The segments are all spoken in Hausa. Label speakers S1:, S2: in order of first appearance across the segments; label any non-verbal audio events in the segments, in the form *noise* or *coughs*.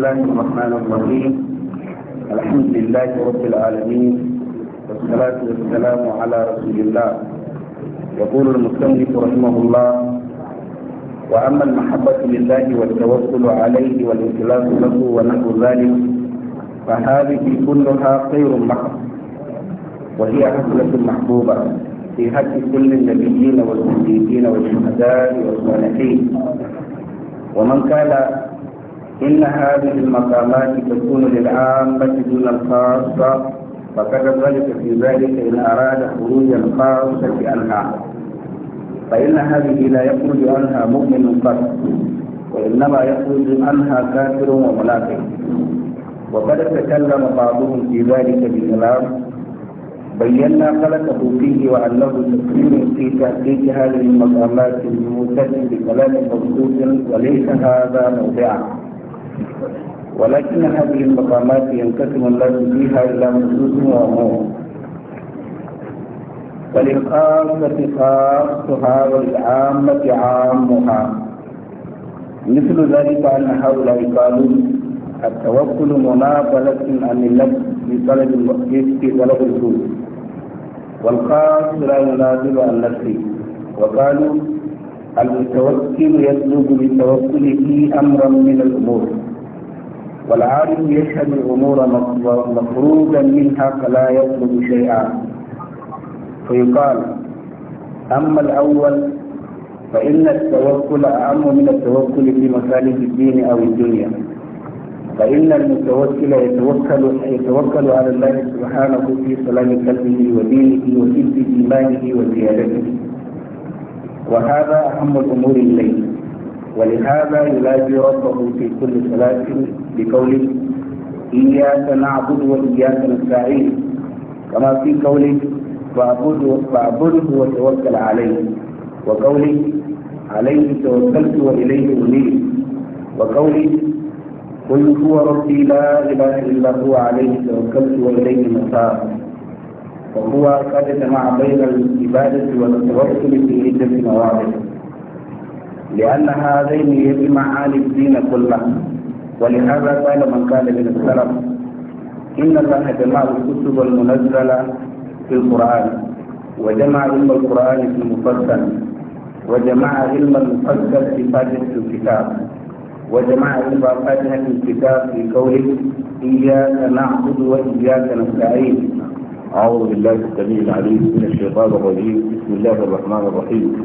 S1: الله الرحمن الرحيم الحمد لله رب العالمين والصلاة والسلام على رسول الله يقول المصنف رحمه الله وأما المحبة لله والتوكل عليه والإخلاص له ونحو ذلك فهذه كلها خير محض وهي حفلة محبوبة في حق كل النبيين والصديقين والشهداء والصالحين ومن كان إن هذه المقامات تكون للعامة دون الخاصة فقد ذلك في ذلك إن أراد خروج الخاصة عنها فإن هذه لا يخرج عنها مؤمن قط وإنما يخرج عنها كافر ومنافق وقد تكلم بعضهم في ذلك بكلام بينا خلقه فيه وأنه تكريم في تحقيق هذه المقامات الموتة بكلام مبسوط وليس هذا موضعه ولكن هذه المقامات ينقسم الناس فيها إلى نصوص وعموم فللخاصة خاصها وللعامة عامها مثل ذلك أن هؤلاء قالوا التوكل مناقلة عن النفس في طلب في طلب الفوز والخاص لا ينازل عن نفسه وقالوا المتوكل يطلب بتوكله أمرا من الأمور والعالم يشهد الأمور مفروضا منها فلا يطلب شيئا فيقال أما الأول فإن التوكل أعم من التوكل في مصالح الدين أو الدنيا فإن المتوكل يتوكل يتوكل على الله سبحانه في سلام قلبه ودينه وصدق إيمانه وزيادته وهذا أهم الأمور إليه ولهذا يلاقي ربه في كل صلاة بقوله إياك نعبد وإياك نستعين كما في قوله فاعبده فاعبده وتوكل عليه وقوله عليه توكلت وإليه أنيب وقوله قل هو ربي لا إله إلا هو عليه توكلت وإليه مسار وهو قد جمع بين العبادة والتوكل في عدة مواقف لأن هذين يجمعان الدين كله ولهذا قال من قال من السلف إن الله جمع الكتب المنزلة في القرآن وجمع علم القرآن في المفصل وجمع علم المفصل في فاتحة الكتاب وجمع علم فاتحة الكتاب في قوله إياك نعبد وإياك نستعين أعوذ بالله السميع العليم من الشيطان الرجيم بسم الله الرحمن الرحيم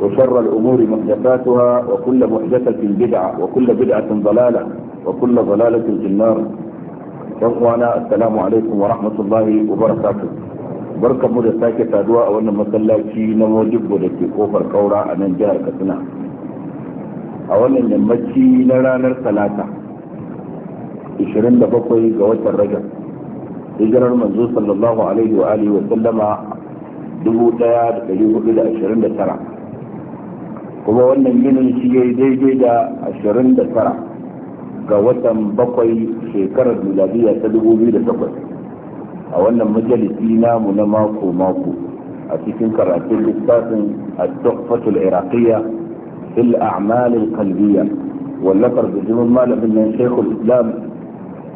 S1: وشر الأمور محدثاتها وكل محدثة بدعة وكل بدعة ضلالة وكل ضلالة في النار أخوانا السلام عليكم ورحمة الله وبركاته بركة مدى ساكة أدواء وأن مسلاتي نواجب ولكي كوفر كورا أن جاء كتنا أولا نمتي لنا ثلاثة إشرين 27 المنزول صلى الله عليه وآله وسلم دبو wa alihi إلى إشرين لترى kuma wannan ginin shi ya yi daidai da ashirin da tara ga watan bakwai shekarar miladiya ta dubu biyu da takwas a wannan majalisi namu na mako mako a cikin karatun littafin at-tuhfatul iraqiyya fil a'malin kalbiya qalbiyya wallafar jimin malamin nan shekul islam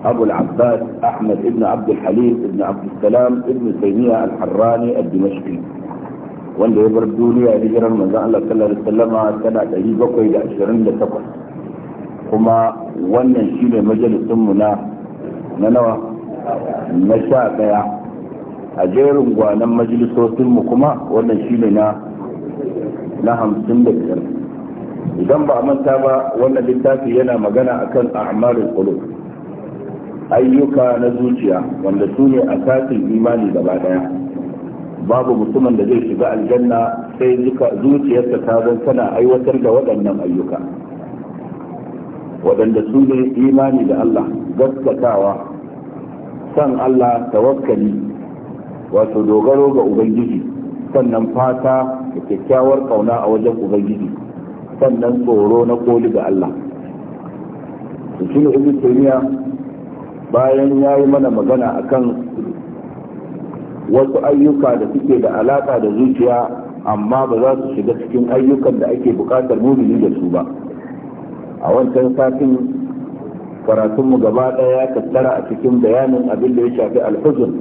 S1: abu ahmad ibn abdul بن ibn abdul salam ibn السلام al-harrani الحراني الدمشقي wanda ya bar duniya jiran manzon Allah sallallahu alaihi wasallama tana 728 kuma wannan shine majalisin mu na na nawa na sha daya a jerin gwanan majalisosin mu kuma wannan shine na na hamsin da biyar. idan ba a manta ba wannan littafi yana magana akan a'malul qulub ayyuka na zuciya wanda su ne asasin imani gaba daya babu mutumin da zai shiga aljanna sai zuciyarsa ta zan tana aiwatar da waɗannan ayyuka waɗanda su ne imani da Allah gaskatawa san Allah tawakkali wato dogaro ga ubangiji sannan fata da kyakkyawar kauna a wajen ubangiji sannan tsoro na koli ga Allah su shi ne bayan ya yi mana magana akan wasu ayyuka da suke da alaka da zuciya amma ba za su shiga cikin ayyukan da ake bukatar mumini da su ba a wancan satin karatunmu gaba ɗaya ya tattara a cikin bayanin abin da ya shafi alhuzun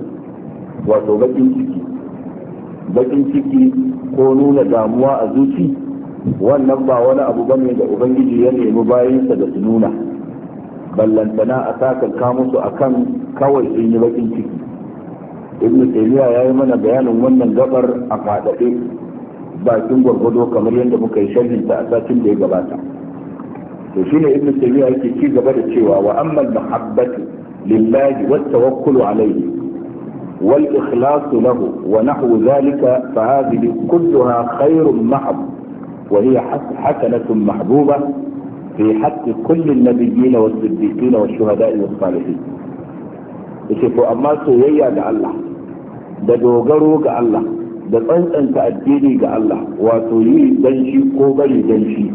S1: wato bakin ciki bakin ciki ko nuna damuwa a zuci wannan ba wani abu bane da ubangiji ya nemi bayansa da su nuna ballantana a takan musu akan kawai sun yi bakin ciki ibn taymiya ya yi mana bayanin wannan gabar a faɗaɗe bakin gwargwado kamar yadda muka yi sharhin ta a satin da ya gabata to shine ibn taymiya yake ci gaba da cewa wa amma al-mahabbatu lillahi wa tawakkulu alayhi wal ikhlasu lahu wa nahwu zalika fa hadhihi kulluha khairun mahab wa hiya hasanatun mahbuba fi haqqi kulli an-nabiyyin was-siddiqin wash-shuhada'i was-salihin yace to amma soyayya da Allah da dogaro ga Allah da tsantsanta addini ga Allah wato yi danshi ko bari danshi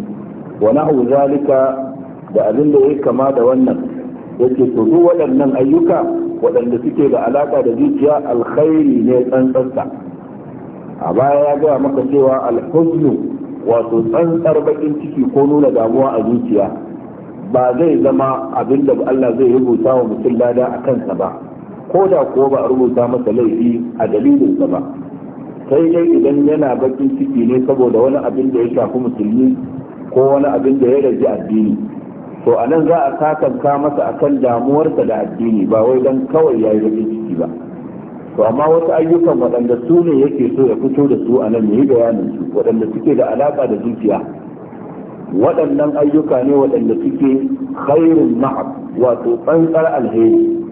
S1: wa na'u zalika da abin da yake kama da wannan yake to duk waɗannan ayyuka waɗanda suke da alaƙa da zuciya alkhairi ne tsantsanta a baya ya gaya maka cewa alhuznu wato tsantsar bakin ciki ko nuna damuwa a zuciya ba zai zama abin da Allah zai rubuta wa mutum lada a kansa ba ko da ko ba a rubuta masa laifi a dalilin sa ba sai dai idan yana bakin ciki ne saboda wani abin da ya shafi musulmi ko wani abin da ya rage addini to a nan za a sakanka masa akan damuwarsa da addini ba wai dan kawai ya yi bakin ciki ba to amma wasu ayyukan waɗanda su ne yake so ya fito da su a nan ya yi bayanin su waɗanda suke da alaƙa da zuciya waɗannan ayyuka ne waɗanda suke khairun ma'ab wato tsantsar alheri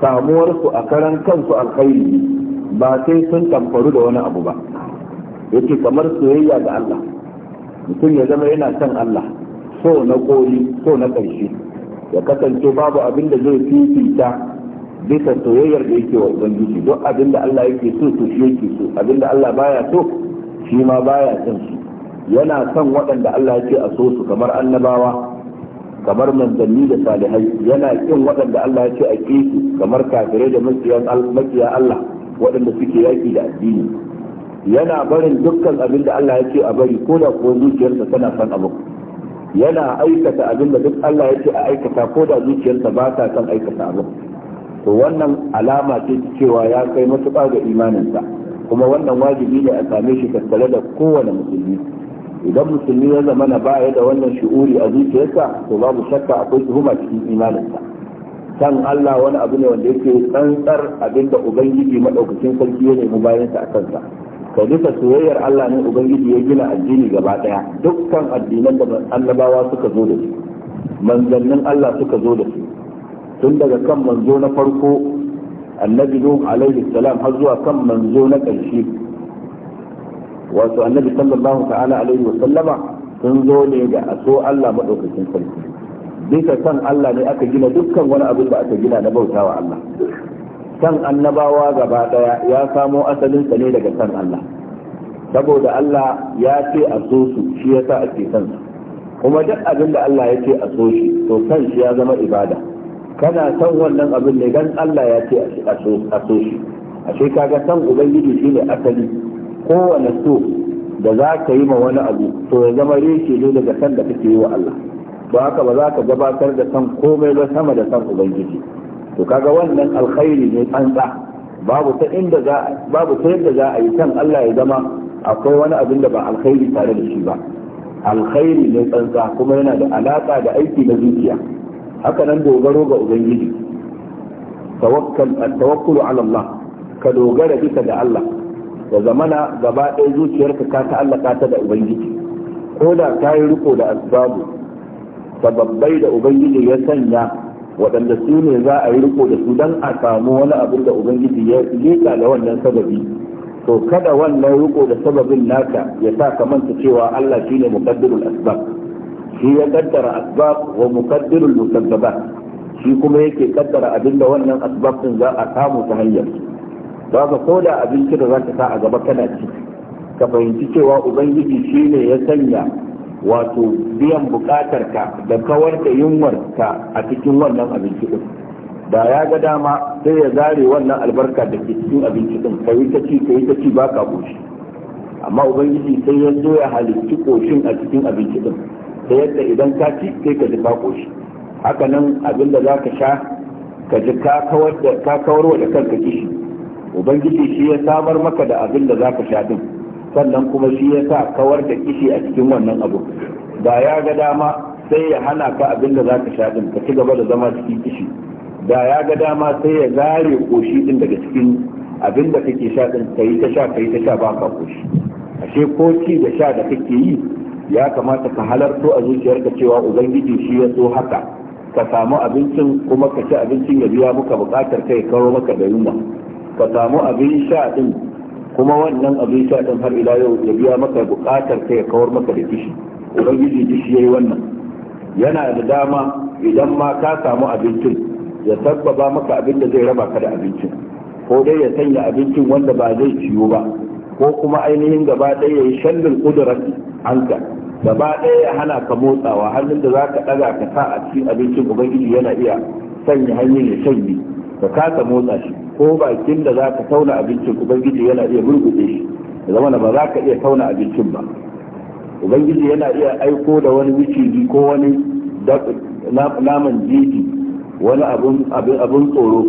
S1: samuwarsu a karan kansu alkhairi ba sai sun tamfaru da wani abu ba yake kamar soyayya ga Allah mutum ya zama yana son Allah so na koli so na ƙarshe ya kasance babu abin da zai fifita bisa soyayyar da yake wa ubangiji duk abin da Allah yake so to shi yake so abin da Allah baya so shi ma baya son shi yana son waɗanda Allah yake a so su kamar annabawa kamar manzanni da salihai yana kin waɗanda Allah ya ce a ƙi su kamar kafirai da makiya Allah waɗanda suke yaƙi da addini yana barin dukkan abin da Allah ya ce a bari ko da zuciyarsa tana son abu yana aikata abin da duk Allah ya ce a aikata ko da zuciyarsa ba ta son aikata abu to wannan alama ce cewa ya kai matuƙa ga imaninsa kuma wannan wajibi ne a same shi tattare da kowane musulmi idan musulmi ya zama na baya da wannan shi'uri a zuciyarsa to babu shakka akwai tuhuma cikin imaninsa kan Allah wani abu ne wanda yake tsantsar abinda ubangiji madaukakin sarki ya nemi bayansa a kansa ka duka soyayyar Allah ne ubangiji ya gina addini gaba daya dukkan addinan da annabawa suka zo da su manzannin Allah suka zo da su tun daga kan manzo na farko annabi nuh alaihi salam har zuwa kan manzo na ƙarshe wato annabi sallallahu ta'ala alaihi wa sallama sun zo ne ga aso Allah madaukakin sarki bisa san Allah ne aka gina dukkan wani abin da aka gina na bautawa Allah san annabawa gaba daya ya samo asalin sa ne daga san Allah saboda Allah ya ce a so su shi yasa ake san su kuma duk abin da Allah ya ce a so shi to san shi ya zama ibada kana san wannan abin ne dan Allah ya ce a so shi ashe kaga san ubangiji shine asali kowane so da za ka yi ma wani abu to ya zama reshe ne daga san da kake yi wa Allah Ba haka ba za ka gabatar da san komai ba sama da san ubangiji to kaga wannan alkhairi ne tsantsa babu ta inda za babu ta yadda za a yi san Allah ya zama akwai wani abin da ba alkhairi tare da shi ba alkhairi ne tsantsa kuma yana da alaka da aiki na zuciya haka nan dogaro ga ubangiji tawakkal tawakkulu ala Allah ka dogara bisa da Allah da zamana gaba ɗaya zuciyarka ka ta ta'allaka ta da ubangiji ko da ka yi riko da asbabu sababbai da ubangiji ya sanya waɗanda su ne za a yi riko da su don a samu wani abin da ubangiji ya leka da wannan sababi to kada wannan riko da sababin naka ya sa ka manta cewa Allah shine muqaddirul asbab shi ya kaddara asbab wa muqaddirul musabbab shi kuma yake kaddara abinda wannan asbab din za a samu ta hanyar ba ka ko da abinci da za ka sa a gaba kana ci ka fahimci cewa ubangiji shi ne ya sanya wato biyan bukatar ka da kawar da yunwar ka a cikin wannan abinci din da ya ga dama sai ya zare wannan albarka da ke cikin abinci din ka yi ta ci ka yi ta ci ba ka koshi amma ubangiji sai ya zo ya halicci koshin a cikin abinci din ta yadda idan ka ci sai ka ji ka koshi haka nan abin da za ka sha ka ji ka kawar da kanka kishi ubangiji shi ya samar maka da abin da zaka sha din sannan kuma shi ya sa kawar da kishi a cikin wannan abu da ya ga dama sai ya hana ka abin da zaka sha din ka ci gaba da zama cikin kishi da ya ga dama sai ya zare koshi din daga cikin abin da kake sha din kai ta sha kai ta sha ba ka koshi ashe ko ci da sha da kake yi ya kamata ka halarto a zuciyarka cewa ubangiji shi ya so haka ka samu abincin kuma ka ci abincin ya biya muka bukatar kai kawo maka da yunwa ka samu abin sha din kuma wannan abin sha din har ila yau ya biya maka bukatar ka ya kawar maka da kishi ubangiji kishi yayi wannan yana da dama idan ma ka samu abincin ya sabbaba maka abin da zai raba ka da abincin ko dai ya sanya abincin wanda ba zai ciyo ba ko kuma ainihin gaba ɗaya ya yi shallin ƙudurar hanka gaba ɗaya ya hana ka motsawa hannun da za ka ɗaga ka sa a cikin abincin ubangiji yana iya sanya hanyar ya shanye ka kasa motsa shi ko bakin da za ka tauna abincin ubangiji yana iya burgude shi da zama ba za ka iya tauna abincin ba ubangiji yana iya aiko da wani miciji ko wani naman jiji wani abin tsoro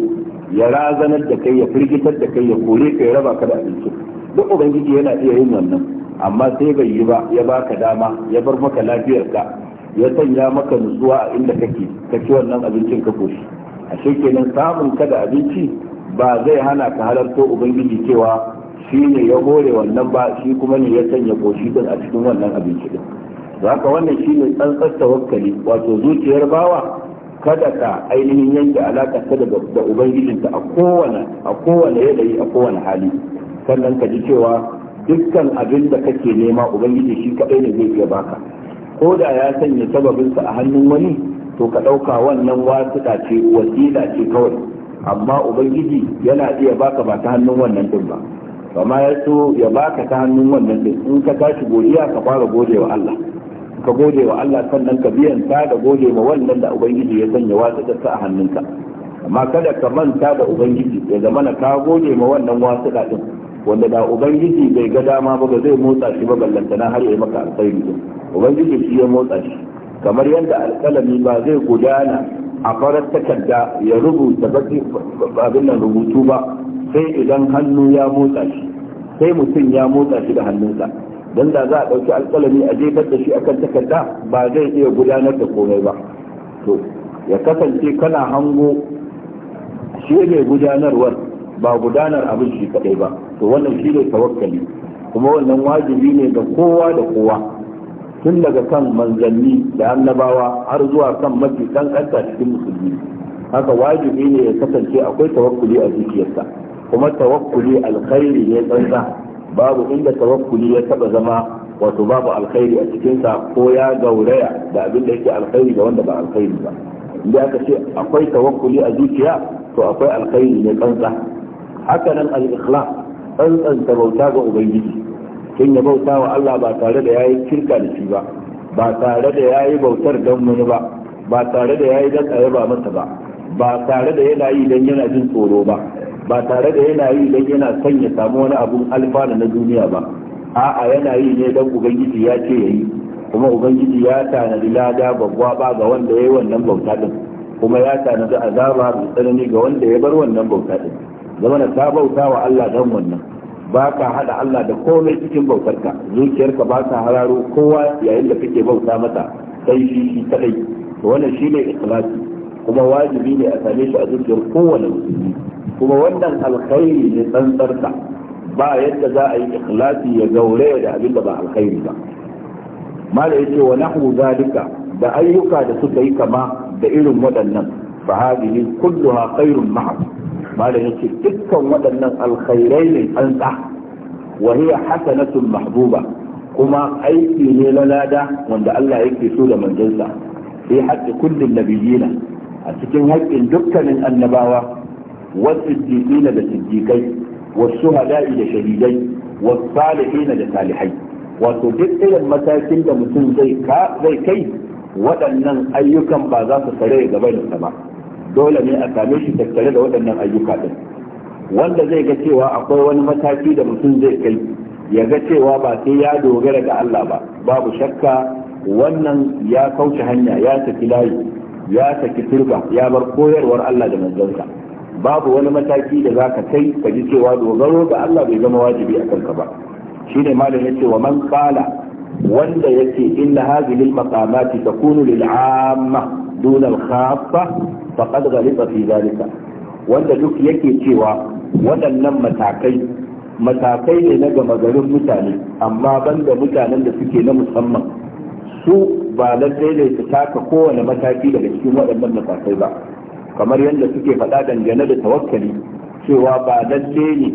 S1: ya razanar da kai ya firgitar da kai ya kore ka ya raba ka da abincin duk ubangiji yana iya yin wannan amma sai bai yi ba ya baka dama ya bar maka lafiyarka ya sanya maka nutsuwa a inda kake ka wannan abincin ka koshi ashe kenan samun ka da abinci ba zai hana ka halarto ubangiji cewa shi ne ya gore wannan ba shi kuma ne ya sanya goshi din a cikin wannan abinci din haka wannan shi ne tsantsar tawakkali wato zuciyar bawa kada ka ainihin yanke alaka ta da ubangijinta a kowane a kowane yanayi a kowane hali sannan ka ji cewa dukkan abin da kake nema ubangiji shi kaɗai ne zai iya baka ko da ya sanya sababinsa a hannun wani to ka ɗauka wannan wasu ce wasila ce kawai amma ubangiji yana iya baka ba ta hannun wannan din ba kama ya so ya baka ta hannun wannan din in ka tashi godiya ka fara gode wa Allah ka gode wa Allah sannan ka biyan ta da gode ma wannan da ubangiji ya sanya da ta a hannunka amma kada ka manta da ubangiji ya zamana ka gode ma wannan wasu da din wanda da ubangiji bai ga dama ba zai motsa shi ba ballantana har ya maka alkhairi ubangiji shi ya motsa shi kamar yadda alƙalami ba zai gudana a farar takarda ya rubuta abin nan rubutu ba sai idan hannu ya motsa shi sai mutum ya motsa shi da hannunsa don da za a ɗauki alƙalami a jefar da shi akan takarda ba zai iya gudanar da komai ba to ya kasance kana hango shi ne gudanarwar ba gudanar abin shi kaɗai ba to wannan shi ne tawakkali kuma wannan wajibi ne ga kowa da kowa tun daga kan manzanni da annabawa har zuwa kan mafi kankanta cikin musulmi haka wajibi ne ya kasance akwai tawakkuli a zuciyarsa kuma tawakkuli alkhairi ne tsantsa babu inda tawakkuli ya taba zama wato babu alkhairi a cikinsa ko ya gauraya da abin da yake alkhairi da wanda ba alkhairi ba inda aka ce akwai tawakkuli a zuciya to akwai alkhairi ne tsantsa haka nan al-ikhlas tsantsanta bauta ga ubangiji Sun ya bauta wa Allah ba tare da yayi kirka da shi ba ba tare da yayi bautar don wani ba ba tare da yayi dan ba masa ba ba tare da yana yi dan yana jin tsoro ba ba tare da yana yi dan yana son ya samu wani abun alfana na duniya ba a'a yana yi ne dan ubangiji ya ce yayi kuma ubangiji ya tanadi lada babuwa ba ga wanda yayi wannan bauta din kuma ya tanadi azaba mai tsanani ga wanda ya bar wannan bauta din zamana ta bauta wa Allah dan wannan ba ka hada Allah da komai cikin bautarka zuciyarka ba ka hararo kowa yayin da kake bauta mata sai shi shi kadai wannan shine ikhlasi kuma wajibi ne a same shi a zuciyar kowane musulmi kuma wannan alkhairi ne tsantsarsa ba yadda za a yi ikhlasi ya gaure da abin da ba alkhairi ba mala yace wa nahu zalika da ayyuka da suka yi kama da irin waɗannan fa hadhihi kulluha khairun ma'a malam yace dukkan waɗannan alkhairai ne an tsa wa hiya hasanatun mahbuba kuma aiki ne na lada wanda Allah yake so da manzansa fi haqqi kullin nabiyina a cikin haƙƙin dukkanin annabawa wa siddiqina da siddiqai wa shuhada'i da shahidai wa salihina da salihai wato duk irin matakin da mutum zai kai waɗannan ayyukan ba za su sare gaba da ba dole ne a same shi tattare da waɗannan ayyuka ɗin wanda zai ga cewa akwai wani mataki da mutum zai kai ya ga cewa ba sai ya dogara ga Allah ba babu shakka wannan ya kauce hanya ya saki layi ya saki turba ya bar koyarwar Allah da manzansa babu wani mataki da za ka kai ka ji cewa dogaro ga Allah bai zama wajibi a kanka ba shine malam yace wa man qala wanda yace inna hadhihi al-maqamati takunu lil 'amma دون الخاصة فقد غلط في ذلك wanda duk yake cewa waɗannan matakai matakai ne na gama garin mutane amma banda mutanen da suke na musamman su ba lallai ne su taka kowane mataki daga cikin waɗannan matakai ba kamar yadda suke faɗa dangane da tawakkali cewa ba lallai ne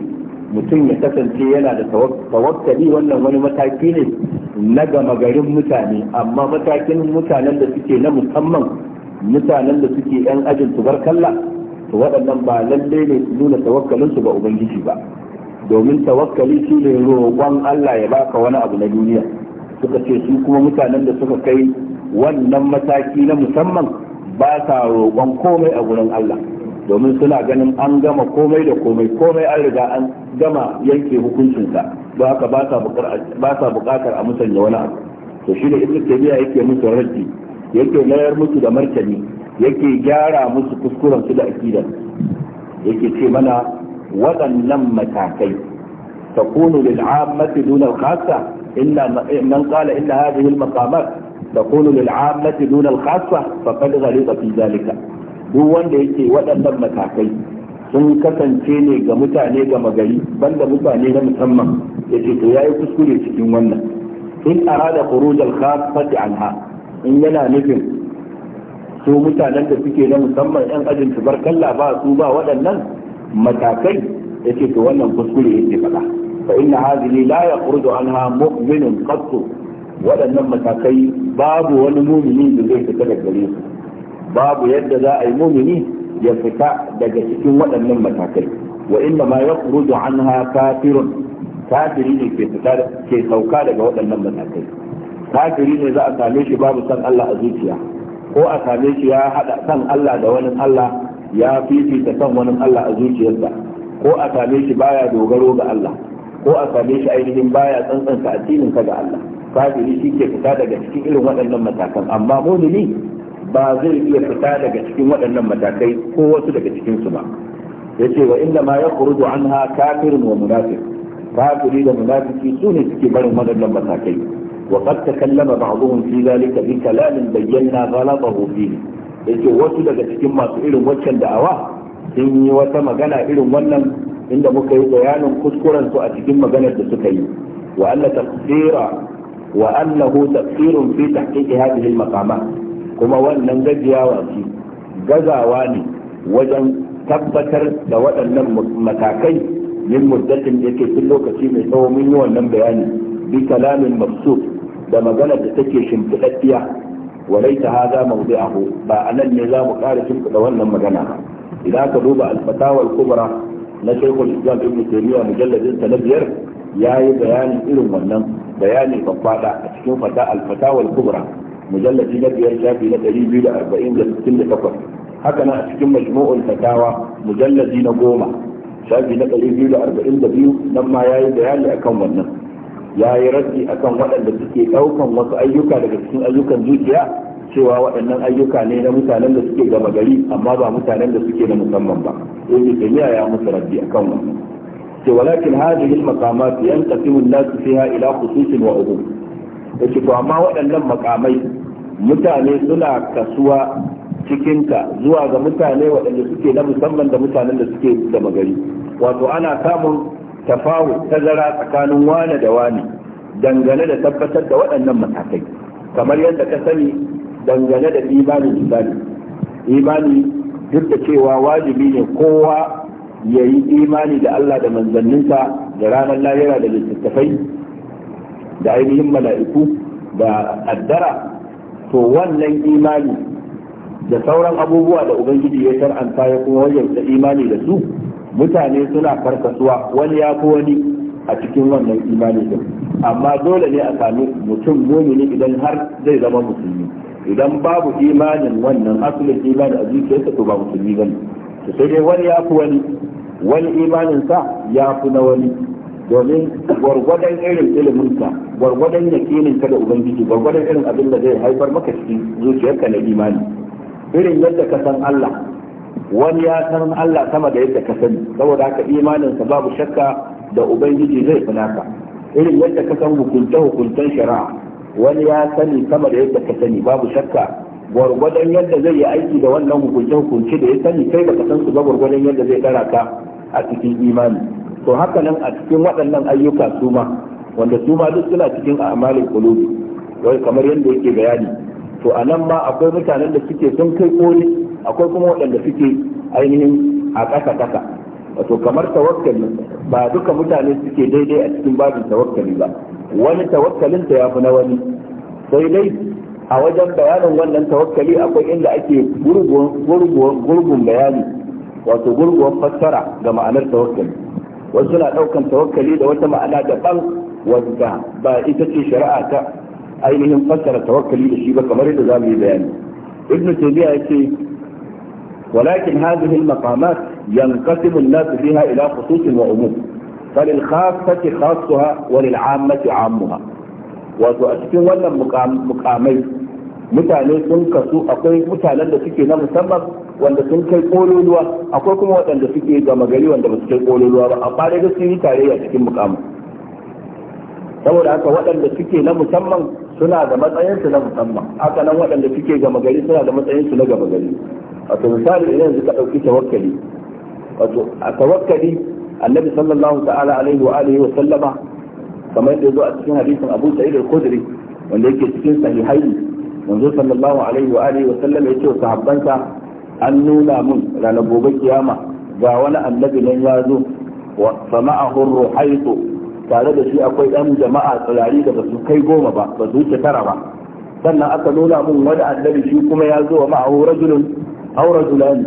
S1: mutum ya kasance yana da tawakkali wannan wani mataki ne na gama garin mutane amma matakin mutanen da suke na musamman mutanen da suke yan ajin kalla to waɗannan ba lallai ne su nuna tawakkalin su ga ubangiji ba domin tawakkali shi ne roƙon Allah ya baka wani abu na duniya suka ce su kuma mutanen da suka kai wannan mataki na musamman ba sa roƙon komai a gurin Allah domin suna ganin an gama komai da komai komai an riga an gama yanke hukuncinsa don haka ba sa buƙatar a musanya wani abu to shi da ibnu tabiya yake musu raddi yake mayar musu da martani yake gyara musu kuskuren su da akidar yake ce mana waɗannan matakai ta takunu lil ammati dun al khassa illa man qala inna hadhihi al maqamat takunu lil ammati dun al khassa faqad ghaliza fi zalika duk wanda yake waɗannan matakai sun kasance ne ga mutane ga magari banda mutane na musamman yace to yayi kuskure cikin wannan in arada khuruj al khassati anha in yana nufin su mutanen da suke na musamman yan ajin tubarkalla ba su ba waɗannan matakai ya yace to wannan kuskure yake faɗa fa inna hadhihi la yakhruju anha mu'minun qatt waɗannan matakai babu wani mumini da zai fita daga gare su babu yadda za a yi mumini ya fita daga cikin waɗannan matakai wa inna ma yakhruju anha kafirun kafiri ne ke sauka daga waɗannan matakai kafiri ne za a same shi babu san Allah a zuciya ko a same shi ya hada san Allah da wani Allah ya fifita san wani Allah a zuciyarsa ko a same shi baya dogaro ga Allah ko a same shi ainihin baya tsantsanta addinin ka ga Allah kafiri shi ke fita daga cikin irin waɗannan matakan amma mu'mini ba zai iya fita daga cikin waɗannan matakai ko wasu daga cikin su ba yace wa inna ma yakhruju anha kafirun wa munafiq kafiri da munafiki sune ne suke barin waɗannan matakai وقد تكلم بعضهم في ذلك بكلام بينا غلطه فيه yake wasu daga cikin masu irin waccan da'awa sun yi wata magana irin wannan inda muka yi bayanin kuskuren su a cikin maganar da suka yi wa anna tafsira wa annahu tafsirun fi tahqiqi hadhihi al kuma wannan gajiyawa ce gazawa ne wajen tabbatar da waɗannan matakai min muddatin yake tun lokaci mai tsawo mun yi wannan bayani bi kalamin mafsuf da maganar da take shimfiɗaɗɗiya walaita hada mawdi'ahu ba anan ne za mu ƙara shimfiɗa wannan magana idan ka duba al-fatawa kubra na shaykhul islam ibn taymiyyah mujalladin ta na biyar yayi bayanin irin wannan bayani babbada a cikin fata al-fatawa kubra mujalladi na biyar shafi na 248 haka na a cikin majmu'ul fatawa mujalladi na goma shafi na 242 nan ma yayi bayani akan wannan ya yi raddi akan waɗanda suke ɗaukan wasu ayyuka daga cikin ayyukan zuciya cewa waɗannan ayyuka ne na mutanen da suke gama gari amma ba mutanen da suke na musamman ba ibn taymiya ya musu raddi akan wannan ce walakin hadhihi al-maqamat yanqasimu an-nas fiha ila khususin wa uku yace to amma waɗannan makamai mutane suna kasuwa cikinta zuwa ga mutane waɗanda suke na musamman da mutanen da suke gama gari wato ana samun tafawu tazara tsakanin wane da wane dangane da tabbatar da waɗannan matakai kamar yadda ka sani dangane da imanin imani imani duk da cewa wajibi ne kowa ya yi imani da Allah da manzanninsa da ranar lahira da littattafai da ainihin mala'iku da addara to wannan imani da sauran abubuwa da ubangiji ya shar'anta ya kuma wajen da imani da su mutane suna farkasuwa wani ya fi wani a cikin wannan imani din amma dole ne a sami mutum mumini idan har zai zama musulmi idan babu imanin wannan asalin imanin a zuciyarsa to ba musulmi bane to sai dai wani ya fi wani wani imanin sa ya fi na wani domin gwargwadon irin ka gwargwadon ka da ubangiji gwargwadon irin abin da zai haifar maka cikin zuciyarka na imani irin yadda ka san Allah wani ya san Allah sama da yadda ka sani saboda haka imaninsa babu shakka da ubangiji zai fi naka irin yadda ka san hukunce hukuncen shari'a wani ya sani sama da yadda ka sani babu shakka gwargwadon yadda zai yi aiki da wannan hukunce hukunci da ya sani kai baka san su ba gwargwadon yadda zai kara ka a cikin imani to haka nan a cikin waɗannan ayyuka su ma wanda su ma duk suna cikin a'malin qulubi wai kamar yadda yake bayani to a nan ma akwai mutanen da suke sun kai koli akwai kuma waɗanda suke ainihin a ƙasa ƙasa wato kamar tawakkali ba duka mutane suke daidai a cikin babin tawakkali ba wani tawakkalin ta yafi na wani sai dai a wajen bayanin wannan tawakkali akwai inda ake gurgun bayani wato gurguwar fassara ga ma'anar tawakkali wasu suna ɗaukan tawakkali da wata ma'ana daban wadda ba ita ce shari'a ta ainihin fassara tawakkali da shi ba kamar yadda za mu yi bayani ibnu taymiya yace ولكن هذه المقامات ينقسم الناس فيها إلى خصوص وعموم فللخاصة خاصها وللعامة عامها وتؤكد ولا مقامي mutane sun kasu akwai mutanen da suke na musamman wanda sun kai kololuwa akwai kuma waɗanda suke gama gari wanda ba su kai kololuwa ba amma dai sun yi tarayya cikin mukamin saboda haka waɗanda suke na musamman suna da matsayinsu na musamman haka nan waɗanda suke gama gari suna da matsayinsu na gama gari wato misali idan suka ɗauki tawakkali wato a tawakkali annabi sallallahu ta'ala alaihi wa alihi wa sallama kamar yadda zo a cikin hadisin Abu Sa'id al-Khudri wanda yake cikin sahihaini manzo sallallahu alaihi wa alihi wa sallama yace wa sahabbansa an nuna mun ranar gobe kiyama ga wani annabi nan ya zo wa sama'ahu ruhaitu tare da shi akwai ɗan jama'a tsirari da ba su kai goma ba ba su wuce tara ba sannan aka nuna mun wani annabi shi kuma ya zo wa ma'ahu rajulun aure rajulani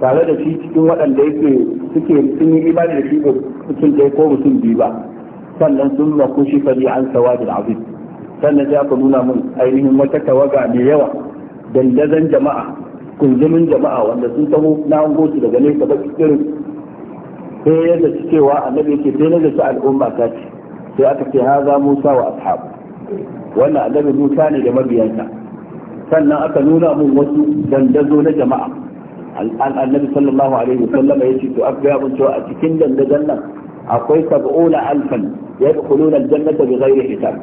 S1: tare da shi cikin waɗanda yake suke sun yi imani da shi ko ko mutum biyu ba sannan sun ma kushi fari an sawadin abin sannan sai aka nuna mun ainihin wata tawaga mai yawa dandazan jama'a kunzumin jama'a wanda sun taho na daga nesa ba irin sai ya zaci cewa annabi yake sai na zaci al'umma ta ce sai aka ce haza musa wa ashabu wannan annabi musa ne da mabiyansa sannan aka nuna mun wasu dandazo na jama'a annabi sallallahu alaihi wasallam ya ce to aka ga mun cewa a cikin dandazon nan akwai sab'una alfan yadkhuluna aljannata bighairi hisab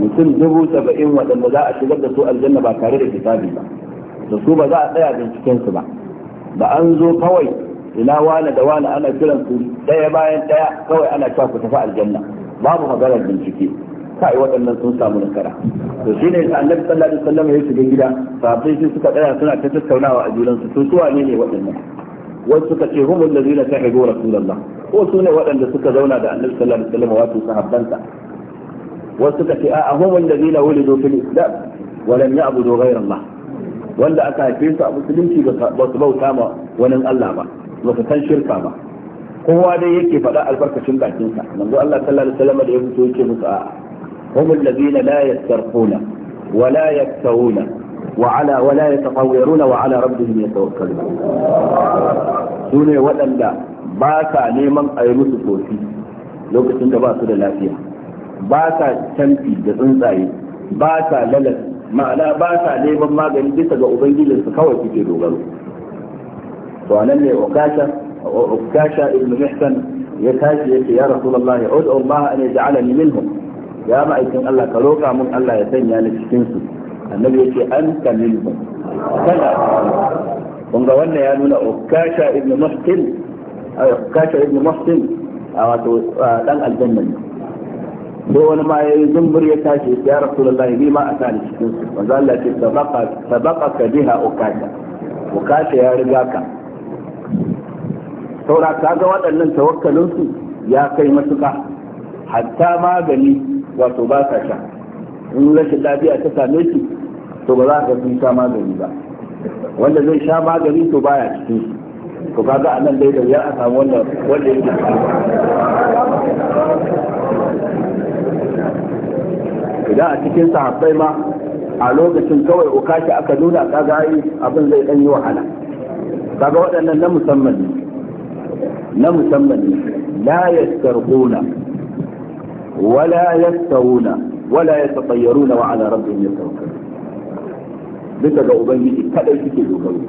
S1: mutum dubu saba'in waɗanda za a shigar da su aljanna ba tare da hisabi ba da su ba za a tsaya binciken su ba da an zo kawai ina wani da wani ana kiran su daya bayan daya kawai ana cewa ku tafi aljanna babu maganar bincike kai waɗannan sun samu nasara to shine annabi sallallahu alaihi wasallam ya shiga gida sahabbai sai suka tsaya suna ta tattaunawa a julan su to su wane ne waɗannan wasu suka ce humul ladina sahibu rasulullah ko su ne waɗanda suka zauna da annabi sallallahu alaihi wasallam wato sahabbansa wasu suka ce a humul ladina wulidu fil islam wa lam ya'budu ghayra allah wanda aka haife su a musulunci ba su bauta ma wani Allah ba ba su san shirka ba kowa dai yake faɗa albarkacin bakinsa manzo Allah sallallahu alaihi wasallam da ya fito yake musu a'a hum alladhina la yastarquna wa la yaktawuna wa ala wa la yataqawwiruna wa ala rabbihim yatawakkaluna sune waɗanda ba sa neman a yi musu tofi lokacin da ba su da lafiya ba sa canfi da tsuntsaye ba sa lalas ma'ana ba sa neman magani bisa ga ubangijinsu kawai suke dogaro wannan ne ukasha ukasha ibn mihsan ya tashi yake ya rasulullah ud'u Allah an yaj'alani minhum ya ma ma'aikin Allah ka roka mun Allah ya sanya ni cikin su annabi yake anta minhum kana kun ga wannan ya nuna ukasha ibn mihsan ukasha ibn mihsan wato dan aljanna ne sai wani ma ya yi zumbur ya tashi ya rasulullahi ni ma a sa ni cikin su manzo Allah ce sabaqa sabaqa biha ukasha ukasha ya riga ka saura kaga waɗannan tawakkalinsu ya kai matuƙa hatta magani wato ba sa sha in rashin lafiya ta same shi to ba za ka sun sha magani ba wanda zai sha magani to baya cikin shi to kaga a nan dai da ya a samu wanda wanda yake idan a cikin sahabbai ma a lokacin kawai ukashi aka nuna kaga abin zai dan yi wahala kaga waɗannan na musamman ne na musamman ne la yastarquna wala yastaruna wala yatatayyaruna wa ala rabbihim yatawakkalun bisa ga ubangiji kadai suke dogaro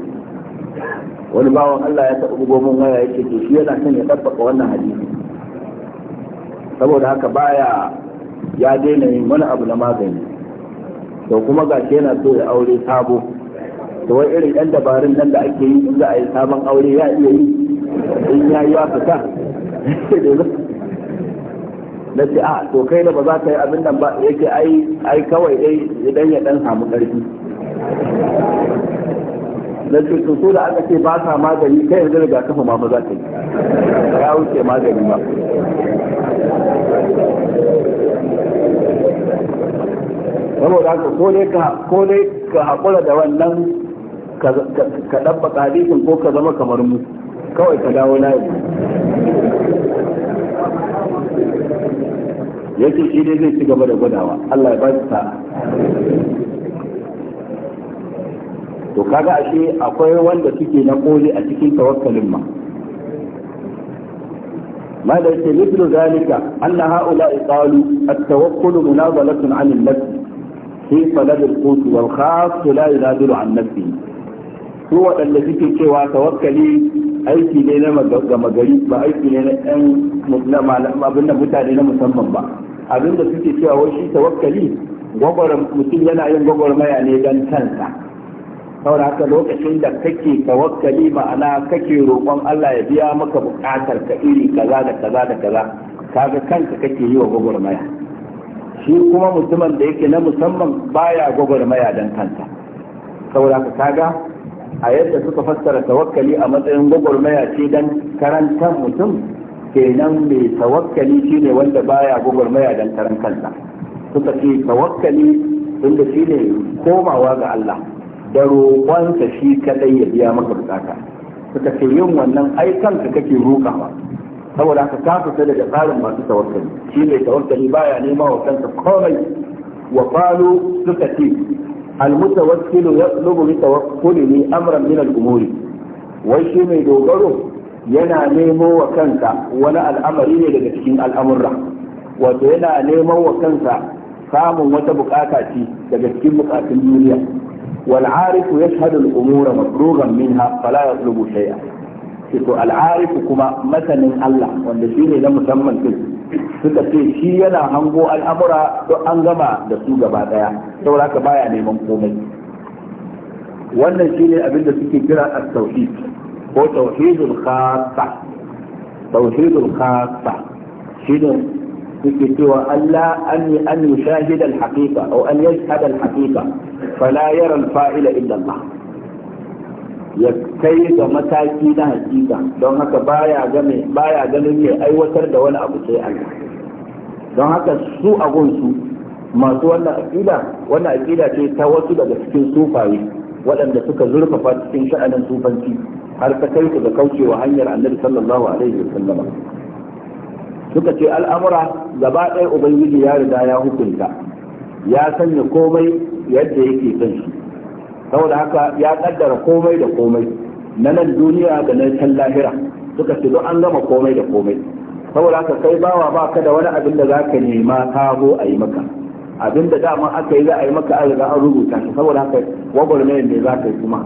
S1: wani bawan Allah ya taɓa bugo min waya yake to shi yana son ya tabbaka wannan hadisi saboda haka baya ya daina yin wani abu na magani to kuma gashi yana so ya aure sabo da wani irin yan dabarun nan da ake yi za a yi sabon aure ya iya yi in ya yi ya fita na ce a ah, to kai da ba za ka yi abin nan ba ya ce ai kawai dai idan ya dan samu karfi na ce to so da aka ce ba sa magani kai yanzu daga kafa ma ba za ka yi ya wuce magani ba saboda ko dai ka haƙura da wannan ka dabba hadisin ko ka zama kamar mu kawai ka dawo layi yake shi ne zai ci gaba da gwadawa Allah ya ba shi sa'a to kaga ashe akwai wanda suke na koli a cikin tawakkalin ma ما ليس مثل ذلك أن هؤلاء قالوا التوكل مناضلة عن النفس في طلب القوت والخاص لا ينادل عن نفسه su waɗanda suke cewa tawakkali aiki ne na gama gari ba aiki ne na ɗan abin da mutane na musamman ba abin da suke cewa wai shi tawakkali mutum yana yin gwagwarmaya ne don kansa saboda haka lokacin da kake tawakkali ma'ana kake roƙon Allah ya biya maka buƙatar ka iri kaza da kaza da kaza kaga kanka kake yi wa gwagwarmaya shi kuma mutumin da yake na musamman baya gwagwarmaya don kansa saboda haka kaga a yadda suka fassara tawakkali a matsayin gwagwarmaya ce don karantar mutum kenan mai tawakkali shine wanda baya gwagwarmaya don karan kansa suka ce tawakkali tunda shine komawa ga Allah da roƙonsa shi kadai ya biya maka bukata suka ce yin wannan ai kanka kake roƙawa saboda haka ka fita daga tsarin masu tawakkali shi mai tawakkali baya nema wa kansa komai wa falo suka ce almutawakkilu yatlubu bi tawakkulihi amran min al-umuri wai shi mai dogaro yana nemo wa kansa wani al'amari ne daga cikin al'amurra wato yana neman wa kansa samun wata bukata ce daga cikin bukatun duniya walarifu arifu yashhadu al umura mafrugan minha fala yatlubu shay'a to kuma masanin Allah wanda shine na musamman din suka ce shi yana hango al'amura to an gama da su gaba daya saboda haka baya neman komai wannan shi ne abinda suke kira a tauhid ko tauhidul khassa tauhidul khassa shi ne suke cewa Allah an an yushahida al-haqiqa aw an yashhada al-haqiqa fala yara faila illa Allah ya kai ga mataki na hakika don haka baya gane baya ganin mai aiwatar da wani abu sai a don haka su a su masu wannan aqida wannan aqida ce ta wasu daga cikin sufaye waɗanda suka zurfafa cikin sha'anin sufanci har ta kai su ga kaucewa hanyar annabi sallallahu alaihi wasallam suka ce al'amura gaba ɗaya ubangiji ya riga ya hukunta ya sanya komai yadda yake son shi saboda haka ya kaddara komai da komai na nan duniya da na can lahira suka ce don an gama komai da komai saboda haka kai bawa ba ka da wani abin da za ka nema zo a yi maka abin da dama aka yi za a yi maka an riga an rubuta shi saboda haka mai ne za ka yi kuma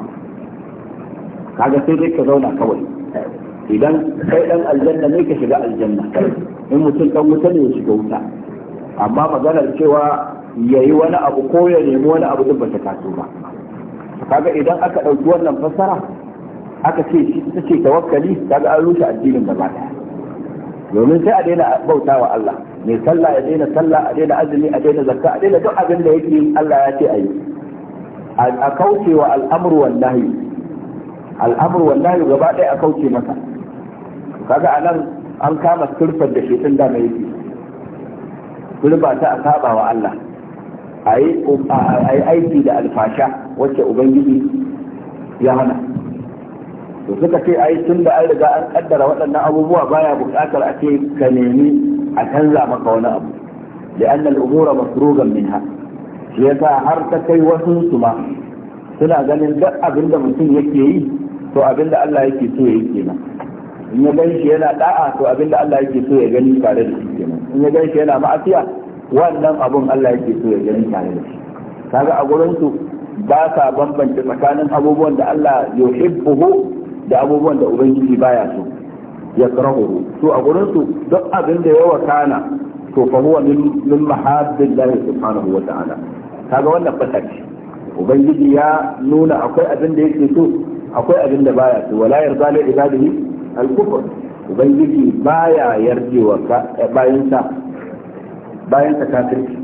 S1: kaga sai dai ka zauna kawai idan kai dan aljanna ne ka shiga aljanna in mutum dan wuta ne ya shiga wuta amma maganar cewa yayi wani abu ko ya nemi wani abu duk ba ta ba kaga idan aka ɗauki wannan fassara aka ce shi ita ce tawakkali kaga an rushe addinin gaba ɗaya domin sai a daina bauta wa Allah mai sallah ya daina sallah a daina azumi a daina zakka a daina duk abin da yake Allah ya ce a yi a kauce wa al'amru wan nahyi al'amru wan nahyi gaba ɗaya a kauce masa kaga anan an kama turfar da shekin da mai yake turba ta a saba wa Allah a yi aiki da alfasha wacce ubangiji ya hana to suka ce ai tun da an riga an kaddara waɗannan abubuwa baya buƙatar a ce ka nemi a canza maka wani abu da annal umura masrugan minha shi yasa har ta kai wasu su ma suna ganin duk abin da mutum yake yi to abin da Allah yake so ya yi kenan in ya gan shi yana da'a to abin da Allah yake so ya gani tare da shi kenan in ya gan shi yana ma'asiya wannan abun Allah yake so ya gani tare da shi kaga a gurin su ba sa bambanta tsakanin abubuwan da Allah yuhibbuhu da abubuwan da ubangiji baya so ya karahu to a gurin su duk abin da ya wakana to fa huwa min min mahabbillahi subhanahu wa ta'ala kaga wannan fataki ubangiji ya nuna akwai abin da yake so akwai abin da baya so wala yarda li ibadihi al-kufr ubangiji baya yardewa eh, bayan sa bayan sa kafirci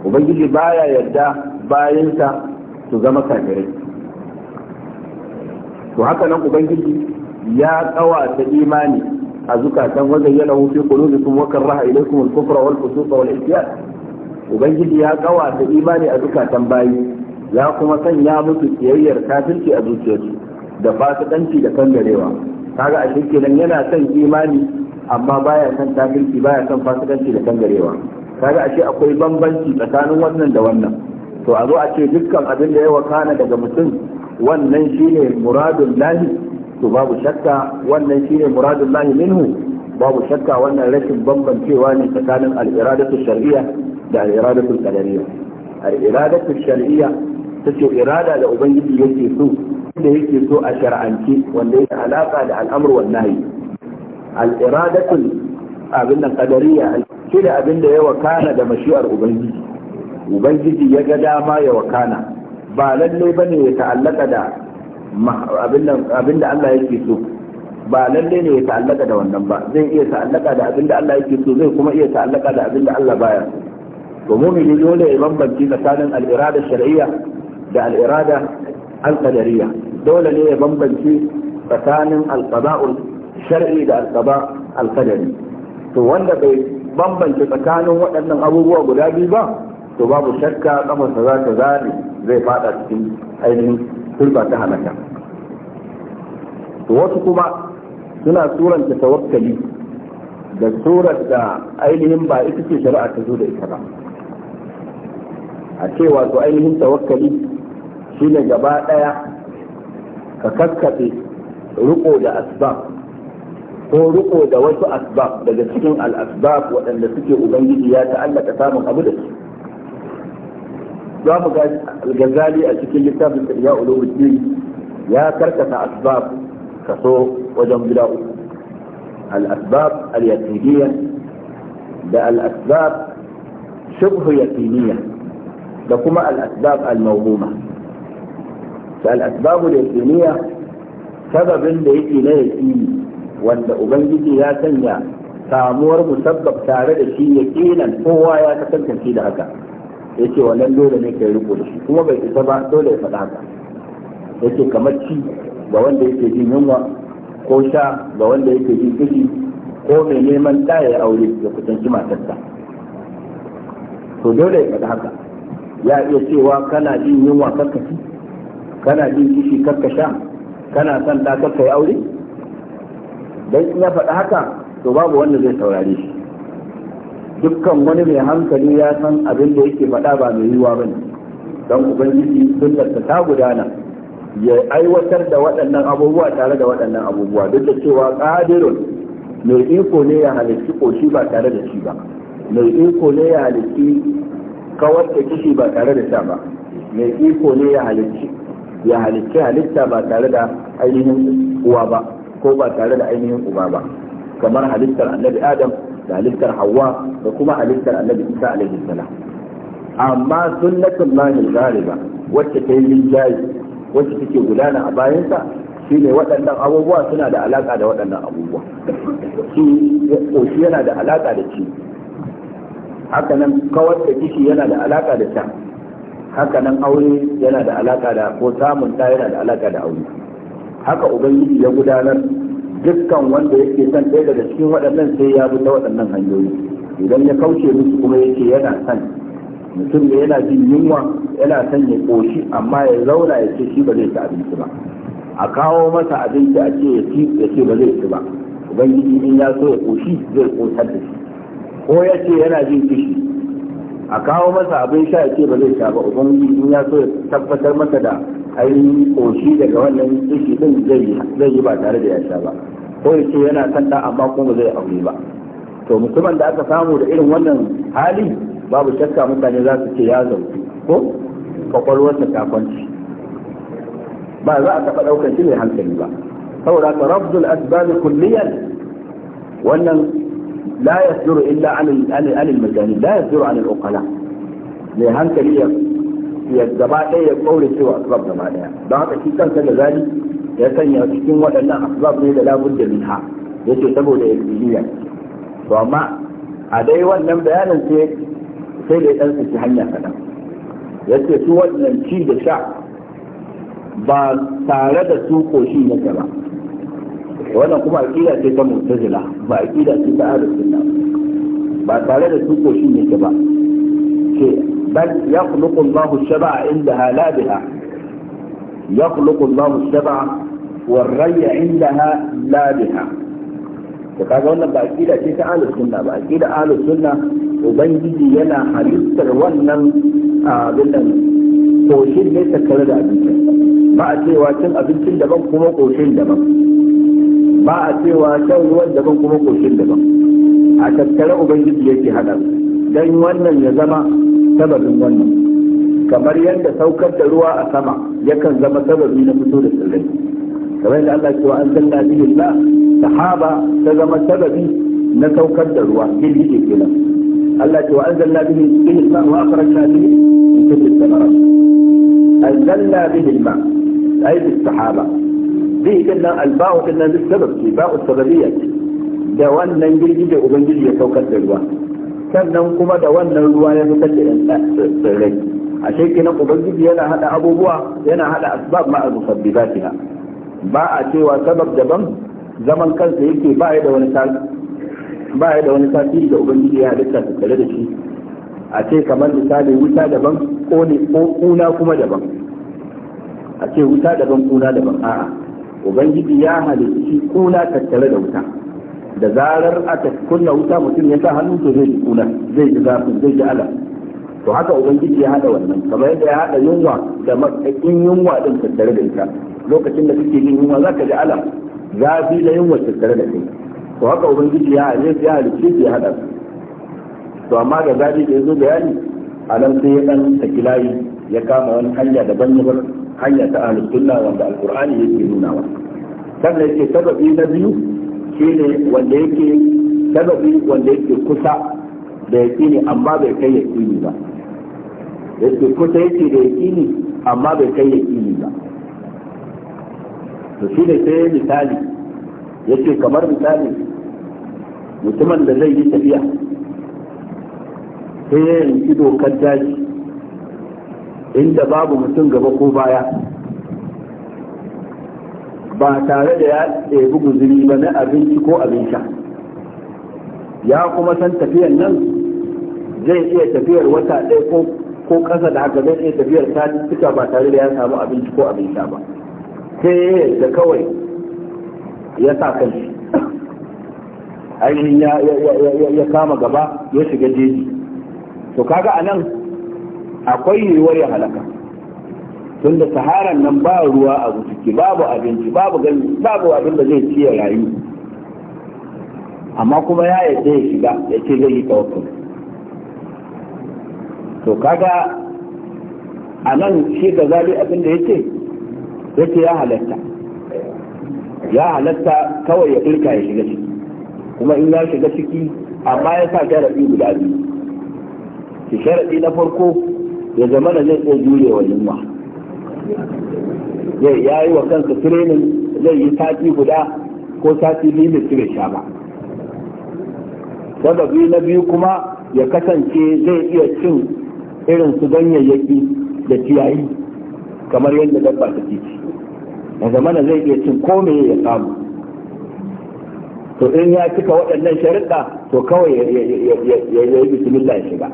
S1: ubangiji baya yarda bayansa su zama kafirai to haka nan ubangiji ya kawata imani a zukatan wajen yana hufi kulubikum wa raha ilaikum al-kufra wal fusuqa wal isyan ubangiji ya kawata imani a zukatan bayi ya kuma sanya musu tiyayyar kafirci a zuciyarsu da fasikanci da kangarewa kaga a nan yana son imani amma baya son kafirci baya son fasikanci da kangarewa kaga ashe akwai bambanci tsakanin wannan da wannan to a zo a ce dukkan abin da ya wakana daga mutum wannan shine muradun lahi to babu shakka wannan shine muradun lahi minhu babu shakka wannan rashin bambancewa ne tsakanin al'iradatu shar'iyya da al'iradatu qadariyya al'iradatu shar'iyya tace irada da ubangiji yake so da yake so a shar'anci wanda yake alaka da al'amur wan nahi al'iradatu abin nan qadariyya shi da abin da ya wakana da mashi'ar ubangiji ubangiji ya ga dama ya wakana ba lalle ba ne ya ta'allaka da abin da Allah yake so ba lalle ne ya ta'allaka da wannan ba zai iya ta'allaka da abin da Allah yake so zai kuma iya ta'allaka da abin da Allah baya so to mumini dole ya bambanci tsakanin al-irada shar'iyya da al-irada al-qadariyya dole ne ya bambanci tsakanin al-qada'ul shar'i da al-qada' al-qadari to wanda bai bambance tsakanin waɗannan abubuwa guda biyu ba to babu shakka kamarsa za ta zane zai fada cikin ainihin turba ta halaka to wasu kuma suna suranta tawakkali da surar da ainihin ba ita ce shari'a ta zo da ita ba a ce wato ainihin tawakkali shine gaba daya ka kaskaɗe riko da asbab ko riko da wasu asbab daga cikin al-asbab waɗanda suke ubangiji ya ta'allaka samun abu da su za mu ga al-Ghazali a cikin littafin Ihya Ulumuddin ya karkata asbab kaso wajen gida uku al-asbab al-yaqiniyya da al-asbab shubhu yaqiniyya da kuma al-asbab al-mawhuma al-asbab al-yaqiniyya sababin da yake na yaqini wanda ubangiji ya sanya samuwar musabbab tare da shi yaqinan kowa ya kasance da haka ya ce wannan dole ne kai riko da shi kuma bai isa ba dole ya faɗa haka ya ce kamar ci ga wanda yake jin yunwa ko sha ga wanda yake jin kishi ko mai neman ɗaya ya aure ya kusanci matarsa to dole ya faɗa haka ya iya cewa kana jin yunwa ci kana jin kishi sha? kana son ɗa karka yi aure dan in ya faɗa haka to babu wanda zai saurare shi dukkan wani mai hankali ya san abin da yake faɗa ba mai yiwuwa ba ne don ubangiji sunnarsa ta gudana ya aiwatar da waɗannan abubuwa tare da waɗannan abubuwa duk da cewa ƙadirun mai iko ne ya halitti ƙoshi ba tare da shi ba mai iko ne ya halitti kawar da kishi ba tare da sha ba mai iko ne ya halitti ya halitta ba tare da ainihin uwa ba ko ba tare da ainihin uba ba kamar halittar annabi adam da halittar hawa da kuma halittar annabi isa alaihi salam amma sunnatul lahi ghaliba wacce ta yi linjayi wacce take gudana a bayansa shine waɗannan abubuwa suna da alaka da waɗannan abubuwa shi yana da alaka da shi haka nan kawar da kishi yana da alaka da ta haka nan aure yana da alaka da ko samun ta yana da alaka da aure haka ubangiji ya gudanar dukkan wanda yake son ɗaya daga cikin waɗannan sai ya bi ta waɗannan hanyoyi idan ya kauce musu kuma yake yana son mutum da yana jin yunwa yana son ya ƙoshi amma ya zauna ya ce shi ba zai ci abinci ba a kawo masa abinci a ce ya ci ya ce ba zai ci ba ubangiji in ya so ya ƙoshi zai ƙosar da shi ko ya ce yana jin kishi a kawo masa abin sha ya ce ba zai sha ba ubangiji in ya so ya tabbatar masa da ai koshi daga wannan ciki din zai yi ba tare da ya sha ba ko ya yana son da amma kuma zai aure ba to mutumin da aka samu da irin wannan hali babu shakka mutane za su ce ya zauki ko kwakwalwarsa ta kwanci ba za a taɓa ɗaukar shi mai hankali ba saboda ka rabdul asbab kulliyan wannan la yasduru illa an al-majani la yasduru an al-uqala mai hankali ya gaba ɗaya ya kaure cewa asbab gaba ɗaya don haka shi kansa da zali ya sanya cikin waɗannan asbab ne da labun da minha ce saboda ya yakiniya to amma a dai wannan bayanin sai sai da ya dan saki hanya kaɗan Ya ce su wannan ci da sha ba tare da su koshi yake ba wannan kuma aqida ce ta mu'tazila ba aqida ce ta ahlus sunna ba tare da su koshi yake ba ce بل يخلق الله الشبع عندها لا بها يخلق الله الشبع والري عندها لا بها da kaga wannan ba akida ce ta ahlus sunna ba akida ahlus sunna ubangiji yana halittar wannan abin nan koshin ne tattare da abinci ba a cewa cin abincin daban kuma koshin daban ba a cewa shan ruwan daban kuma koshin daban a tattare ubangiji yake hada su don wannan ya zama sababin wannan kamar yadda saukar da ruwa a sama yakan zama sababi na fito da tsirrai kamar yadda Allah cewa an zanna bihin la sahaba ta zama sababi na saukar da ruwa girgije kenan Allah cewa an zanna bihin bihi ma wa akhrajna bihin min thamarat an zanna bihin ma ay bis sahaba bihi dinnan alba'u dinnan sabab sababi ba'u sababiyya da wannan girgije ubangiji ya saukar da ruwa sannan kuma da wannan ruwa ya fitar da tsirrai a shekinan ubangiji yana hada abubuwa yana hada asbab ma'a musabbibatina ba a cewa sabab daban zaman kansa yake ba ya da wani ba ya da wani tasiri da ubangiji ya halitta tare da shi a ce kamar misali wuta daban ko ne ko kuna kuma daban a ce wuta daban kuna daban a'a ubangiji ya halitta kuna tattare da wuta da zarar aka kunna wuta mutum ya sa hannu to zai ji kuna zai ji zafi zai ji ala to haka ubangiji ya hada wannan kamar yadda ya hada yunwa da matsakin yunwa din tattare da ita lokacin da kake yin yunwa zaka ji ala zafi da yunwa tattare da kai to haka ubangiji ya halice ya halice ya hada to amma da zafi da yazo bayani a nan sai ya dan saki layi ya kama wani hanya daban daban hanya ta ahlus sunna wanda alqur'ani yake nunawa sannan yake sababi na biyu shine wanda yake sababi wanda yake kusa da yaqini amma bai kai yaqini ba yake kusa yake da yaqini amma bai kai yaqini ba to shi ne sai misali yake kamar misali mutumin da zai yi tafiya sai ya yanki dokar daji inda babu mutum gaba ko baya ba tare da ya ɗebi guzuri ba na abinci ko abin sha ya kuma san tafiyar nan zai iya tafiyar wata ɗaya ko ko ƙasa da haka zai iya tafiyar cika ba tare da ya samu abinci ko abin sha ba sai da kawai ya sa kan shi ainihin ya kama gaba ya shiga jeji to kaga a nan akwai yiwuwar ya halaka tunda saharan nan ba ruwa a ciki babu abinci babu gani babu abin da zai ci rayu amma kuma ya yadda ya shiga ya ce zai yi tawakkul to kaga a nan shi ga zali abin da yake yake ya halatta ya halatta kawai ya ɗirka ya shiga ciki kuma in ya shiga ciki amma ya sa sharaɗi guda biyu shi sharaɗi na farko ya zama da zai iya jure wa yunwa ya yi wa kansa training zai yi sati guda ko sati biyu su cire sha ba sababi na biyu kuma ya kasance zai iya cin irin su ganyayyaki da ciyayi kamar yadda dabba ta ci na zamana zai iya cin kome ya samu to in ya cika waɗannan sharuɗa to kawai ya yi bismillah ya shiga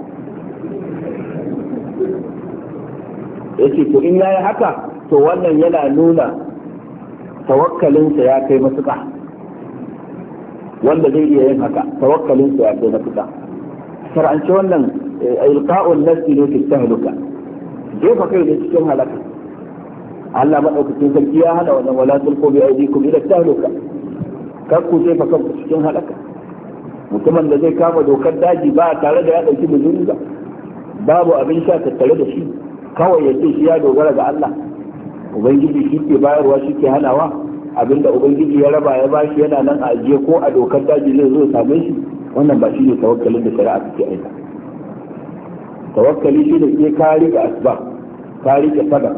S1: yake to in yayi haka to wannan yana nuna tawakkalinsa ya kai matuƙa wanda zai iya yin haka tawakkalinsa ya kai matuƙa shar'ance wannan eh, ilqa'un nafsi ne fi tahluka jefa kai ne cikin halaka Allah madaukakin sarki ya hana wannan wala tulqu bi aydikum ila tahluka kar ku jefa kanku cikin halaka mutumin da zai kama dokar daji ba tare da ya dauki muzuri ba babu abin sha tattare da shi kawai ya ce shi ya dogara ga Allah ubangiji shi ke bayarwa shi ke hanawa abinda ubangiji ya raba ya bashi yana nan a ajiye ko a dokar daji zai zo same shi wannan ba shi ne tawakkalin da shari'a take aika tawakkali shi ne ke ka ga asbab ka rike sabab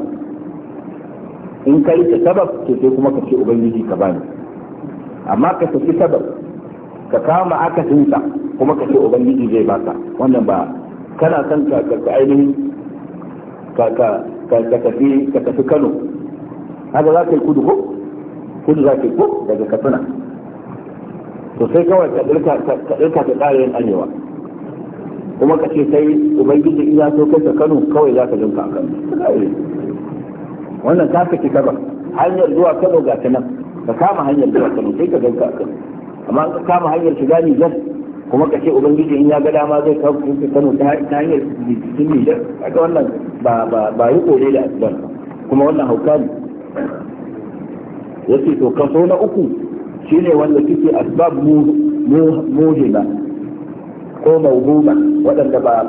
S1: in ka rike sabab to sai kuma ka ce ubangiji ka bani amma ka ce sabab ka kama akasinsa kuma ka ce ubangiji zai baka wannan ba kana son ka ainihin ka tafi kano haka za ka yi kudu ko kudu za ka yi ko daga katsina to sai kawai ka ɗirka ta ƙara yin arewa kuma ka ce sai ubangiji in ya so kai ta kano kawai za ka jinka a kano wannan ta fi kaba hanyar zuwa kano ga ta nan ka kama hanyar zuwa kano sai ka jinka a kano amma ka kama hanyar shiga nijar kuma ka ce ubangiji in ya ga dama zai kawo kano ta hanyar cikin nijar kaga wannan ba yi kore da asibar kuma wannan hauka ne ce to kaso na uku shi ne wanda suke asibar mu muhima ko mawhuma waɗanda ba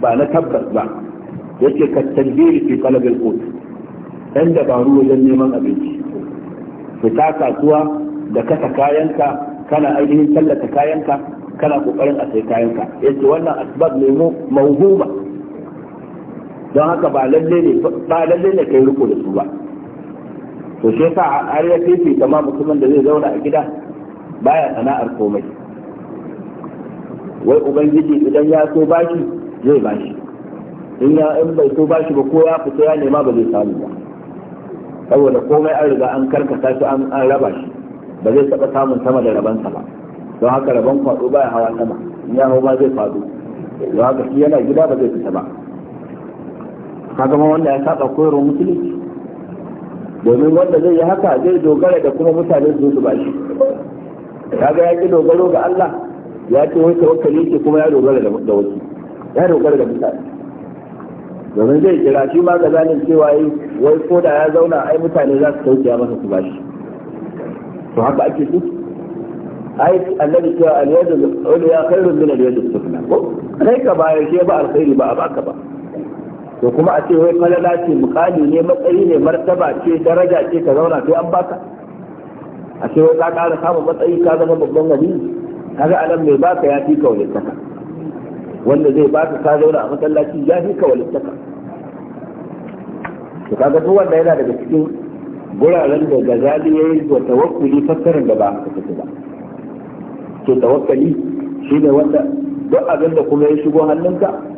S1: ba na tabbas ba Ya ce ka tanbiri fi talab kotu ɗan dan dabaru wajen neman abinci fita kasuwa da kasa kayanka kana ainihin tallata kayanka kana kokarin a sai kayanka ce wannan asibar ne mu mawhuma don haka ba lalle ne ba lalle ne kai riko da su ba to shi yasa har ya fifi kama mutumin da zai zauna a gida baya sana'ar komai wai ubangiji idan ya so bashi zai bashi in ya in bai so bashi ba ko ya fita ya nema ba zai samu ba saboda komai an riga an karkata shi an raba shi ba zai taɓa samun sama da rabansa ba don haka rabon kwado baya hawa sama in ya hau ma zai faɗo don haka shi yana gida ba zai fita ba ka gama wanda ya saba koyarwa musulunci domin wanda zai yi haka zai dogara da kuma mutane su su bashi kaga ya ki dogaro ga Allah ya ce wai tawakkali ce kuma ya dogara da wasu ya dogara da mutane domin zai kira shi ma ga zanin cewa yi wai ko da ya zauna ai mutane za su sauke masa su bashi to haka ake su ai annabi cewa al-yadu al-ulya khairun min al yadu as ko kai ka bayar shi ba alkhairi ba a baka ba to kuma a ce wai falala ce mukali ne matsayi ne martaba ce daraja ce ka zauna sai an baka a ce wai ka kara samun matsayi ka zama babban wani kaga anan mai baka ya fi ka walittaka wanda zai baka ka zauna a masallaci ya fi ka walittaka to kaga duk wanda yana daga cikin guraren da gazali ya yi wa tawakkuli fassarar da ba ka fito ba ke tawakkali shine wanda duk abin da kuma ya shigo hannunka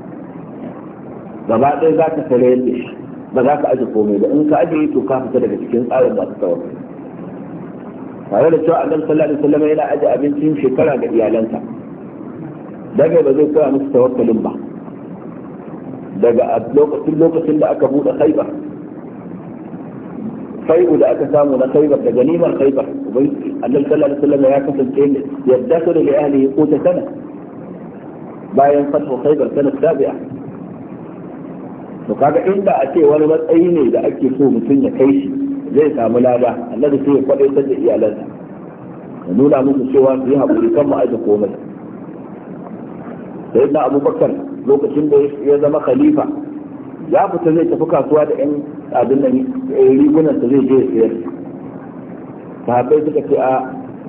S1: gaba ɗaya za ka tare yadda shi ba za ka aje komai ba in ka aje to ka fita daga cikin tsarin masu tsawon tare da cewa annabi sallallahu alaihi wasallam yana aje abincin shekara ga iyalansa daga ba zai koya musu tawakkalin ba daga lokacin lokacin da aka buɗe khaibar fai'u da aka samu na khaibar da ganimar khaibar ubangiji annabi sallallahu alaihi wasallam ya kasance ne yadda da li ahlihi quta sana bayan fatu khaibar sana sabi'a to kaga inda a ce wani matsayi ne da ake so mutum ya kai shi zai samu lada annabi sai ya kwadaitar da iyalansa ya nuna musu cewa su yi haƙuri kan ma'aji komai sai na abubakar lokacin da ya zama khalifa ya fita zai tafi kasuwa da yan abin da eh, rigunan sa zai je ya sayar sahabbai suka ce a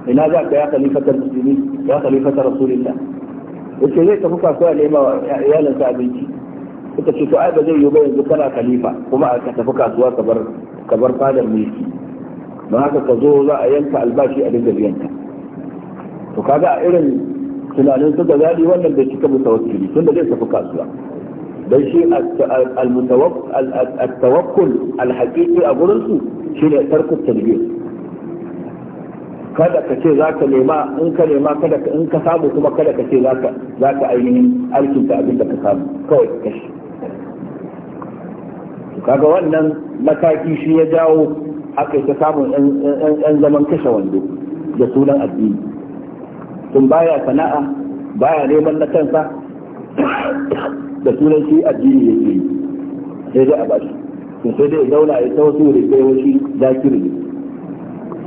S1: ina za ka ya khalifatar musulmi ya khalifatar rasulillah yace zai tafi kasuwa ne ma iyalansa abinci suka ce to ai ba zai yi ba yanzu kana khalifa kuma a ka tafi kasuwa ka bar ka bar fadar mulki don haka ka zo za a yanka albashi a dinga biyanka to kaga a irin tunanin suka zaɓi wannan bai cika mutawakkili tun da zai tafi kasuwa dan shi al-tawakkul al-haqiqi a gurin su shine tarku tadbir kada ka ce zaka nema in ka nema kada ka in ka samu kuma kada ka ce zaka zaka ainihin alkin alkinta abin da ka samu kawai ka kashi kaga wannan mataki shi ya jawo aka yi ta samun yan zaman kashe wando da sunan addini sun baya sana'a baya neman na kansa *coughs* da sunan shi addini yake yi sai dai a bashi sun sai dai zauna ya ta wasu da kai wasu zakiri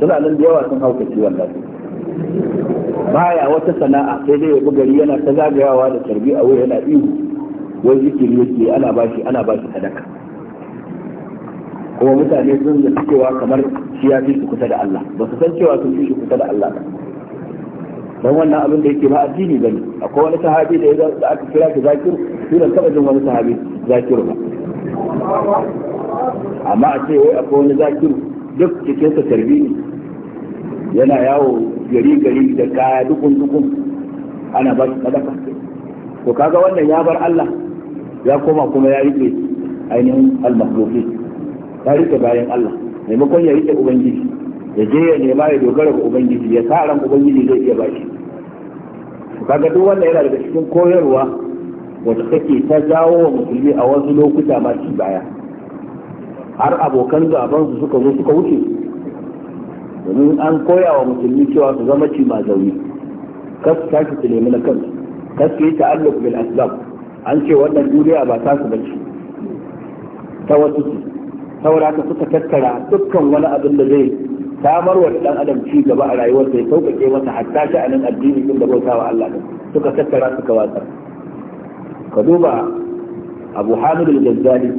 S1: suna nan da yawa sun hauka ciwon wanda baya wata sana'a sai dai ya gari yana ta zagayawa da tarbi a wuri yana ihu wai jikin yake ana bashi ana bashi sadaka kuma mutane sun da cewa kamar shi ya fi su kusa da Allah ba su san cewa sun fi shi kusa da Allah ba don wannan abin da yake ba addini bane akwai wani sahabi da ya da aka kira shi zakir shi da taba jin wani sahabi zakir ba amma a ce wai akwai wani zakir duk cikin sa tarbi yana yawo gari gari da kaya dukun dukun ana ba shi sadaka to kaga wannan ya bar Allah ya koma kuma ya rike ainihin al-makhluqin ya rike bayan Allah maimakon ya rike ubangiji ya je ya nema ya dogara ga ubangiji ya sa ran ubangiji zai iya bashi kaga duk wanda yana daga cikin koyarwa wata take ta jawo wa musulmi a wasu lokuta masu baya har abokan gaban su suka zo suka wuce domin an koya wa musulmi cewa su zama ci ma zaune kas tashi su nemi na kansu kas ki ta'alluq bil asbab an ce wannan duniya ba ta su bace ta wasu su saboda haka suka tattara dukkan wani abin da zai samar wa dan adam ci gaba a rayuwarsa ya sauƙaƙe masa hatta shi a nan addini din da bautawa Allah din suka tattara suka wasa. ka duba Abu Hamid al-Ghazali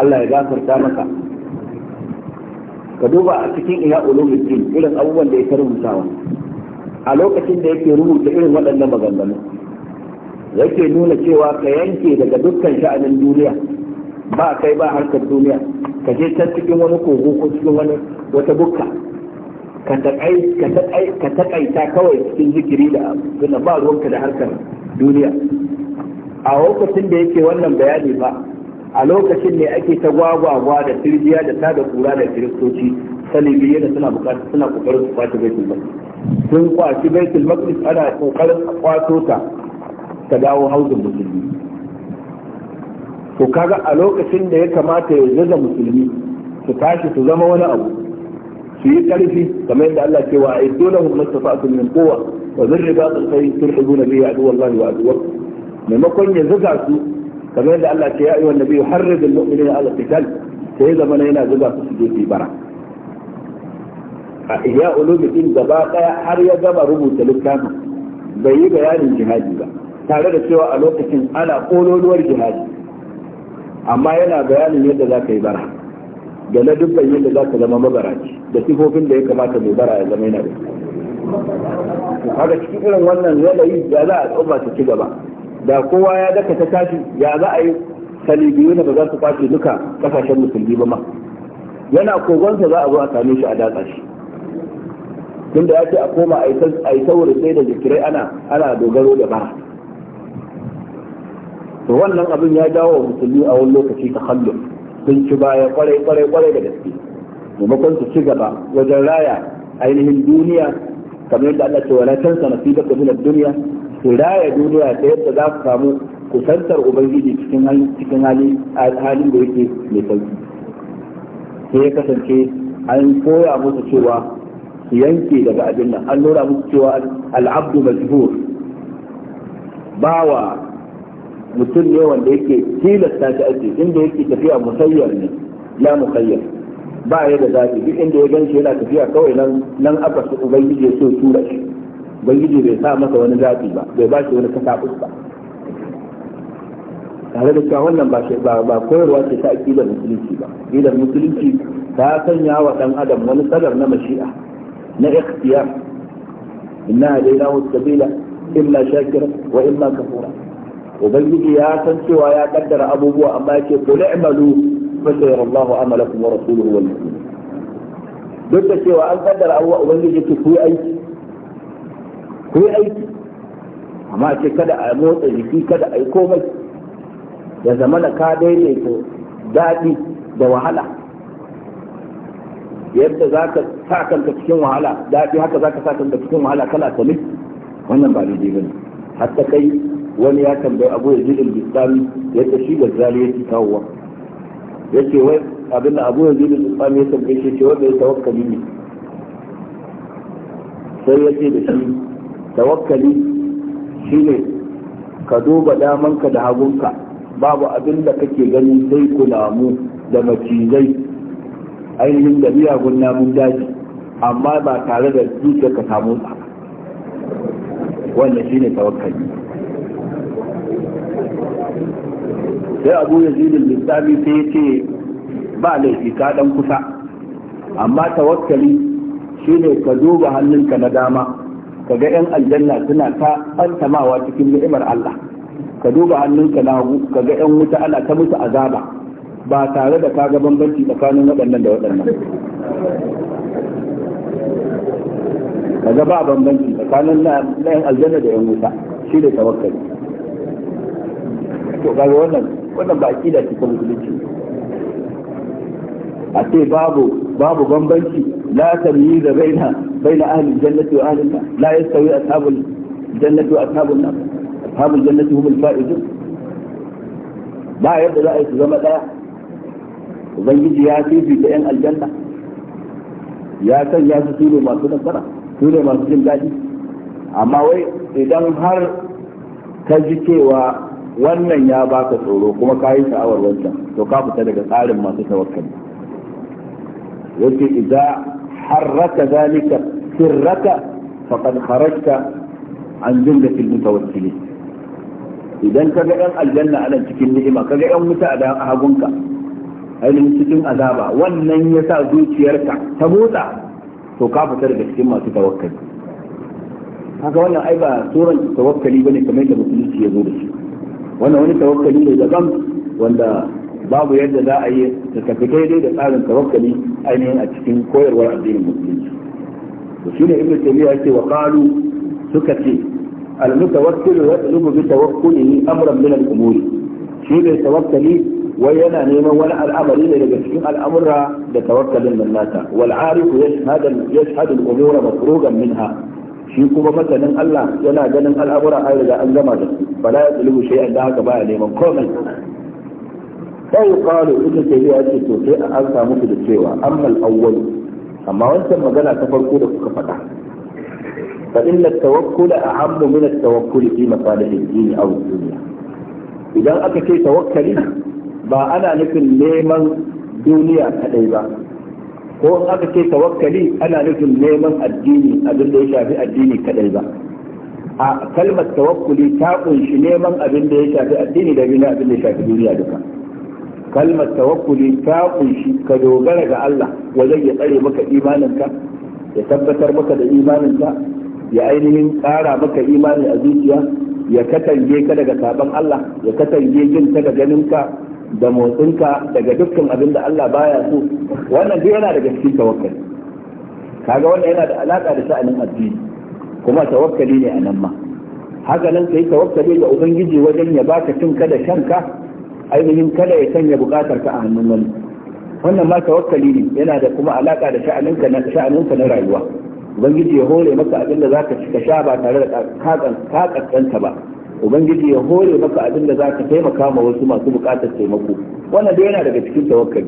S1: Allah ya gafarta maka ka duba a cikin iya ulumuddin irin abubuwan da ya ta rubutawa a lokacin da yake rubuta irin waɗannan maganganu yake nuna cewa ka yanke daga dukkan sha'anin duniya ba kai ba harkar duniya ka je can cikin wani kogo ko cikin wani wata bukka ka taƙaita kawai cikin zikiri da abu ba ruwanka da harkar duniya a lokacin da yake wannan bayani ba a lokacin ne ake ta gwagwagwa da sirjiya da da kura da kiristoci salibiyya da suna bukatar suna kokarin su kwace baitul maqdis sun kwaci baitul maqdis ana kokarin kwato ta ta dawo hauzin musulmi to kaga a lokacin da ya kamata ya zaza musulmi su tashi su zama wani abu su yi ƙarfi kamar yadda Allah ke wa a iddo lahum mastafa'atun min quwwa wa zan riba tsayi turhibuna bihi adu wallahi wa adu maimakon ya zaga su kamar yadda Allah ke ya yi ayyuhan nabiyyu harrid al-mu'minina ala qital sai zama yana zaga su su je su bara a ihya ulumuddin gaba daya har ya gama rubuta littafin bai yi bayanin jihadi ba tare da cewa a lokacin ana kololuwar jihadi amma yana bayanin yadda za ka yi bara da na dubban yadda za ka zama mabaraci da sifofin da ya kamata mai bara ya zama yana da
S2: su. haka
S1: cikin irin wannan yanayi ya za a al'umma ta ci gaba da kowa ya daka ta tashi ya za a yi salibiyu da ba za su kwace duka kasashen musulmi ba ma yana kogonsa za a zo a same shi a datsa shi tunda ya ce a koma a yi saurin sai da jikirai ana dogaro da bara to wannan abin ya jawo wa musulmi a wani lokaci ta hallo sun ci baya kwarai kwarai kwarai da gaske maimakon su ci gaba wajen raya ainihin duniya kamar yadda Allah ce wala tansa nasibaka min ad-dunya su raya duniya ta yadda za ku samu kusantar ubangiji cikin cikin hali halin da yake mai sauki sai ya kasance an koya musu cewa su yanke daga abin nan an nuna musu cewa al'abdu majhur bawa mutum ne wanda yake tilasta shi ake inda yake tafiya musayyar ne la musayyar ba ya da zafi duk inda ya ganshi yana tafiya kawai nan nan aka su ubangiji so tura shi ubangiji bai sa masa wani zafi ba bai ba shi wani kasafus ba tare da cewa wannan ba ba koyarwa ce ta aqidar musulunci ba aqidar musulunci ta sanya wa dan adam wani sadar na mashi'a na ikhtiyar inna hadaina sabila illa shakira wa illa kafura ubangiji ya san cewa ya kaddara abubuwa amma yake qul i'malu fa sayarallahu amalakum wa rasuluhu wal mu'minun duk da cewa an kaddara abubuwa ubangiji ke ku aiki ku aiki amma a ce kada a motsa jiki kada a yi komai ya zama da ka daidaita daɗi da wahala yadda za ka sa kanka cikin wahala daɗi haka za ka sa kanka cikin wahala kana sami wannan ba daidai ba ne hatta kai wani ya tambayi abu ya bisani ya ta shi da ya ci kawowa ya ce wai abin da abu ya jidin bisani ya tambayi shi ce wanda ya tawakkali ne sai ya ce da shi tawakkali shi ne ka duba damanka da hagunka babu abin da kake gani sai kulamu da macizai ainihin da miyagun namun daji amma ba tare da ka samu ba wannan shi ne tawakkali sai abu ya zidin lissami sai ya ce ba laifi ka dan kusa amma tawakkali shine ka duba hannunka na dama ka ga 'yan aljanna suna ta antamawa cikin ni'imar Allah ka duba hannunka na hagu ka ga 'yan wuta ana ta musu azaba ba tare da kaga bambanci tsakanin waɗannan da waɗannan ka ga ba bambanci tsakanin na 'yan aljanna da 'yan wuta shi ne tawakkali to kaga wannan wannan ba aqida ce ko musulunci a ce babu babu bambanci la tamyiza baina baina ahli jannati wa ahli nar la yastawi ashabul jannati wa ashabun nar ashabul jannati humul faizun ba yadda za a yi su zama daya ubangiji ya fifita yan aljanna ya san ya su su masu nasara su ne masu jin daɗi amma wai idan har ka ji cewa wannan ya baka tsoro kuma ka yi sha'awar wancan to ka fita daga tsarin masu tawakkali yace idza harraka zalika sirraka faqad kharajta an jumlatil mutawakkilin idan ka ga 'yan aljanna a nan cikin ni'ima ka ga 'yan wuta a hagunka ainihin cikin azaba wannan ya sa zuciyarka ta motsa to ka fitar da cikin masu tawakkali haka wannan ai ba tsoron tawakkali bane kamar da musulunci ya zo da shi wannan wani tawakkali ne daban wanda babu yadda za a yi da tafi daidai da tsarin tawakkali ainihin a cikin koyarwar addinin musulunci to shine ibnu taymiya yake wa qalu suka ce al-mutawakkil yatlubu bi tawakkulihi amran min al-umuri shi ne tawakkali wai yana neman wani al'amari ne daga cikin al'amura da tawakkalin nan nata wal arif yashhadu yashhadu al-umura mafrugan minha shi kuma masanin Allah yana ganin al'amura an riga an gama da su fala ya tsulubu shay'an da haka baya neman komai sai qalu ibnu tayyiba yace to sai an samu ku da cewa amma al-awwal amma wancan magana ta farko da kuka faɗa fa inna at-tawakkul a'ammu min at-tawakkul fi masalih ad-din aw ad-dunya idan aka ce tawakkali ba ana nufin neman duniya kadai ba ko aka ce tawakkali ana nufin neman addini abin da ya shafi addini kadai ba a kalmar tawakkuli ta kunshi neman abin da ya shafi addini da abin da ya shafi duniya duka kalmar tawakkuli ta kunshi ka dogara ga Allah wajen ya tsare maka imaninka ya tabbatar maka da imaninka ya ainihin ƙara maka imani a zuciya ya katange ka daga sabon Allah ya katange jin ta da ganinka da motsinka daga dukkan abin da Allah baya so wannan duk yana daga cikin tawakkali kaga wannan yana da alaka da sha'anin addini kuma tawakkali ne a nan ma haka nan kai tawakkali ga ubangiji wajen ya baka cin kada shanka ainihin kada ya sanya bukatar ka a hannun wani wannan ma tawakkali ne yana da kuma alaka da sha'aninka na sha'aninka na rayuwa ubangiji ya hore maka abin da zaka ka sha ba tare da ka ba ubangiji ya hore maka abin da zaka taimaka ma wasu masu bukatar taimako wannan dai yana daga cikin tawakkali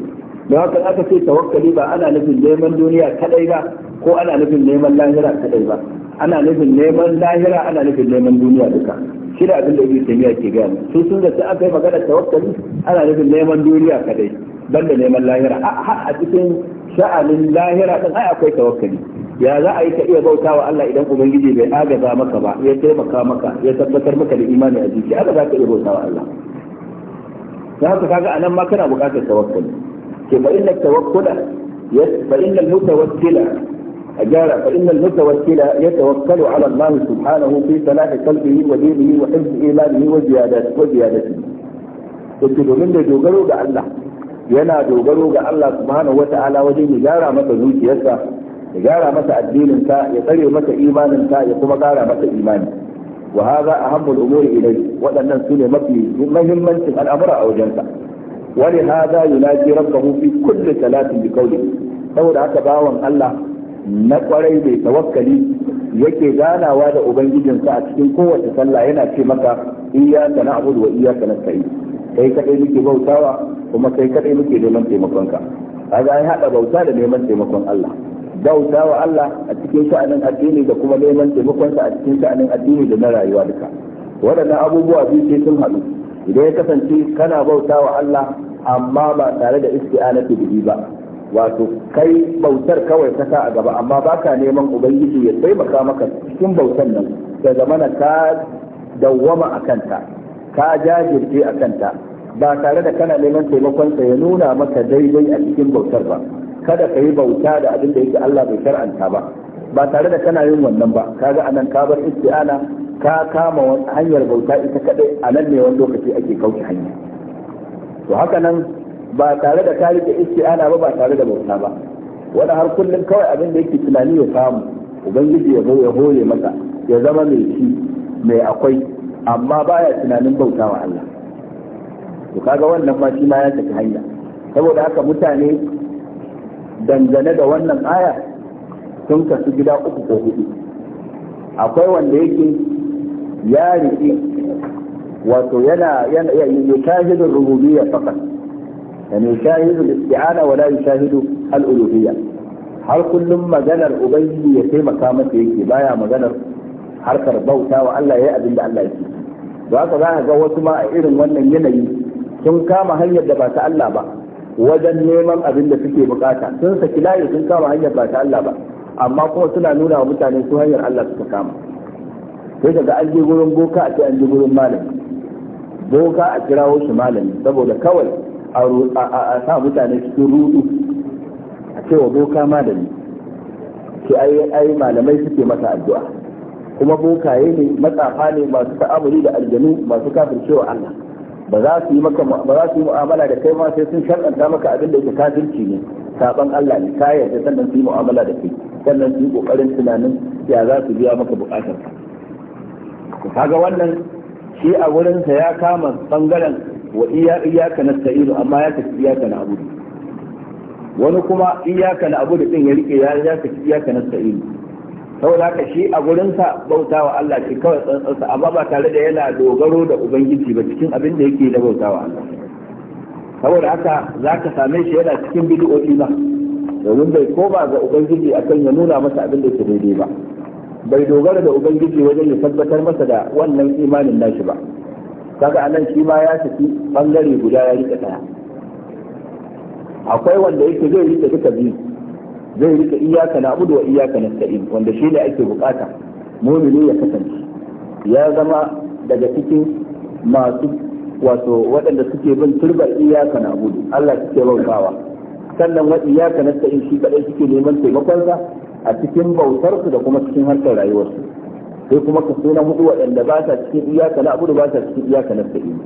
S1: don haka aka ce tawakkali ba ana nufin neman duniya kadai ba ko ana nufin neman lahira kadai ba ana nufin neman lahira ana nufin neman duniya duka shi da abin da ibn taymiya ke gaya su sun zace aka yi magana tawakkali ana nufin neman duniya kadai banda neman lahira a cikin sha'anin lahira din ai akwai tawakkali ya za a yi ka iya bauta wa Allah idan ubangiji bai agaza maka ba ya taimaka maka ya tabbatar maka da imani a zuciya haka za ka iya bauta wa Allah dan haka kaga nan ma kana buƙatar tawakkuli ke fa inna tawakkula fa inna al-mutawakkila أجار فإن المتوكل يتوكل على الله سبحانه في صلاح قلبه ودينه وحفظ إيمانه وزيادته وزيادته يكتب da dogaro ga Allah yana dogaro ga Allah subhanahu ta'ala wajen gyara masa zuciyarsa ya gyara masa addinin ta ya tsare masa imanin ya kuma gyara masa imani wa hadha ahammu al-umuri waɗannan wadannan sune mafi muhimmancin al'amura a wajensa wa li hadha yunaji rabbahu fi kulli salatin bi qawli saboda haka bawan Allah na kwarai mai tawakkali yake ganawa da ubangijinsa a cikin kowace sallah yana ce maka iyyaka na'budu wa iyyaka nasta'in kai kadai muke bautawa kuma kai kadai muke neman taimakonka kaga ai hada bauta da neman taimakon Allah bauta wa Allah a cikin sha'anin addini da kuma neman taimakonsa a cikin sha'anin addini da na rayuwa duka waɗannan abubuwa biyu sai sun haɗu idan ya kasance kana bauta wa Allah amma ba tare da isti'anatu bihi ba wato kai bautar kawai ka sa a gaba amma baka neman ubangiji ya taimaka maka cikin bautar nan da zamana ka dawwama a kanta ka jajirce a kanta ba tare da kana neman taimakonsa ya nuna maka daidai a cikin bautar ba kada ka yi bauta da abin da yake Allah bai shar'anta ba ba tare da kana yin wannan ba kaga anan ka bar isti'ana ka kama hanyar bauta ita kadai a nan ne wani lokaci ake kauce hanya to haka nan ba tare da ka rike isti'ana ba ba tare da bauta ba wani har kullum kawai abin da yake tunani ya samu ubangiji ya ya hore masa ya zama mai ci mai akwai amma baya tunanin bauta wa Allah to kaga wannan ma shi ma ya tafi hanya saboda haka mutane dangane da wannan aya sun kasu gida uku ko hudu akwai wanda yake ya riƙi wato yana yashahidun rububiyya fakat yani shahidul isti'ana wa la har kullum maganar ubangiji ya taimaka masa yake baya maganar harkar bauta wa Allah ya abin da Allah yake za ka za ga wasu ma a irin wannan yanayi sun kama hanyar da ba ta Allah ba wajen neman abin da suke bukata sun saki layi sun kama hanyar ba ta Allah ba amma kuma suna nuna wa mutane su hanyar Allah suka kama sai daga an je gurin boka a ce an je gurin malami boka a kirawo shi malami saboda kawai a sa mutane su rudu a ce wa boka malami ke ai malamai suke masa addu'a kuma bokaye ne matsafa ne masu ta'amuli da aljanu masu kafircewa Allah ba za su yi maka ba za su yi mu'amala da kai ma sai sun sharɗanta maka abin da yake kafirci ne saban Allah ne ka yarda sannan su yi mu'amala da kai sannan su yi kokarin tunanin ya za su biya maka buƙatar ka kaga wannan shi a wurin sa ya kama bangaren wa iya na nasta'inu amma ya tafi na abu, wani kuma iyyaka na'budu din ya rike ya ya tafi na nasta'inu saboda haka shi a sa bautawa Allah shi kawai tsantsansa amma ba tare da yana dogaro da ubangiji ba cikin abin da yake da bautawa Allah saboda haka za ka same shi yana cikin bid'o'i ba domin bai koma ga ubangiji akan ya nuna masa abin da yake daidai ba bai dogara da ubangiji wajen ya tabbatar masa da wannan imanin nashi ba kaga anan shi ma ya tafi bangare guda ya rika daya akwai wanda yake zai rike duka biyu zai rika iyaka na wa iyaka nasta'in wanda shi ne ake bukata mumini ya kasance ya zama daga cikin masu wato waɗanda suke bin turbar iyaka na budu Allah suke bautawa sannan wa iyaka sa'in shi kadai suke neman taimakonsa a cikin bautar su da kuma cikin harkar rayuwarsu sai kuma ka suna hudu waɗanda ba sa cikin iyaka na budu ba sa cikin iyaka sa'in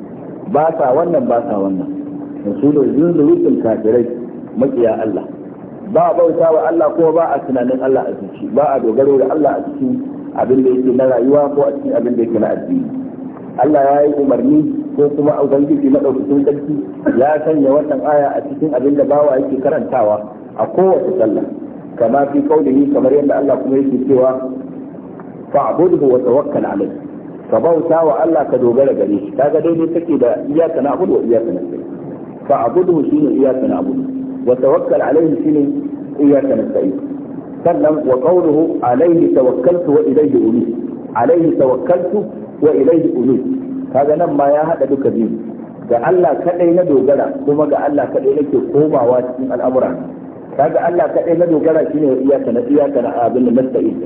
S1: ba sa wannan ba sa wannan rasulun zunzurutun kafirai maƙiya Allah ba a bauta wa Allah ko ba a tunanin Allah a zuci ba a dogaro da Allah a cikin abin da yake na rayuwa ko a cikin abin da yake na addini Allah ya yi umarni ko kuma ubangiji madaukakin sarki ya sanya wannan aya a cikin abin da bawa yake karantawa a kowace sallah kama fi kaulihi kamar yadda Allah kuma yake cewa fa'budhu wa tawakkal alayhi ka bauta wa Allah ka dogara gare shi kaga dai ne take da iyaka na abudu wa iyaka na sai fa'budhu shine iyaka na abudu وتوكل عليه alaihi shine iyyaka nasta'in sannan wa qawluhu alaihi tawakkaltu wa ilayhi unib alaihi tawakkaltu wa ilayhi unib kaga nan ga Allah kadai na dogara kuma ga Allah kadai nake komawa cikin al'amura kaga Allah kadai na dogara shine iyyaka na iya na abin da nasta'in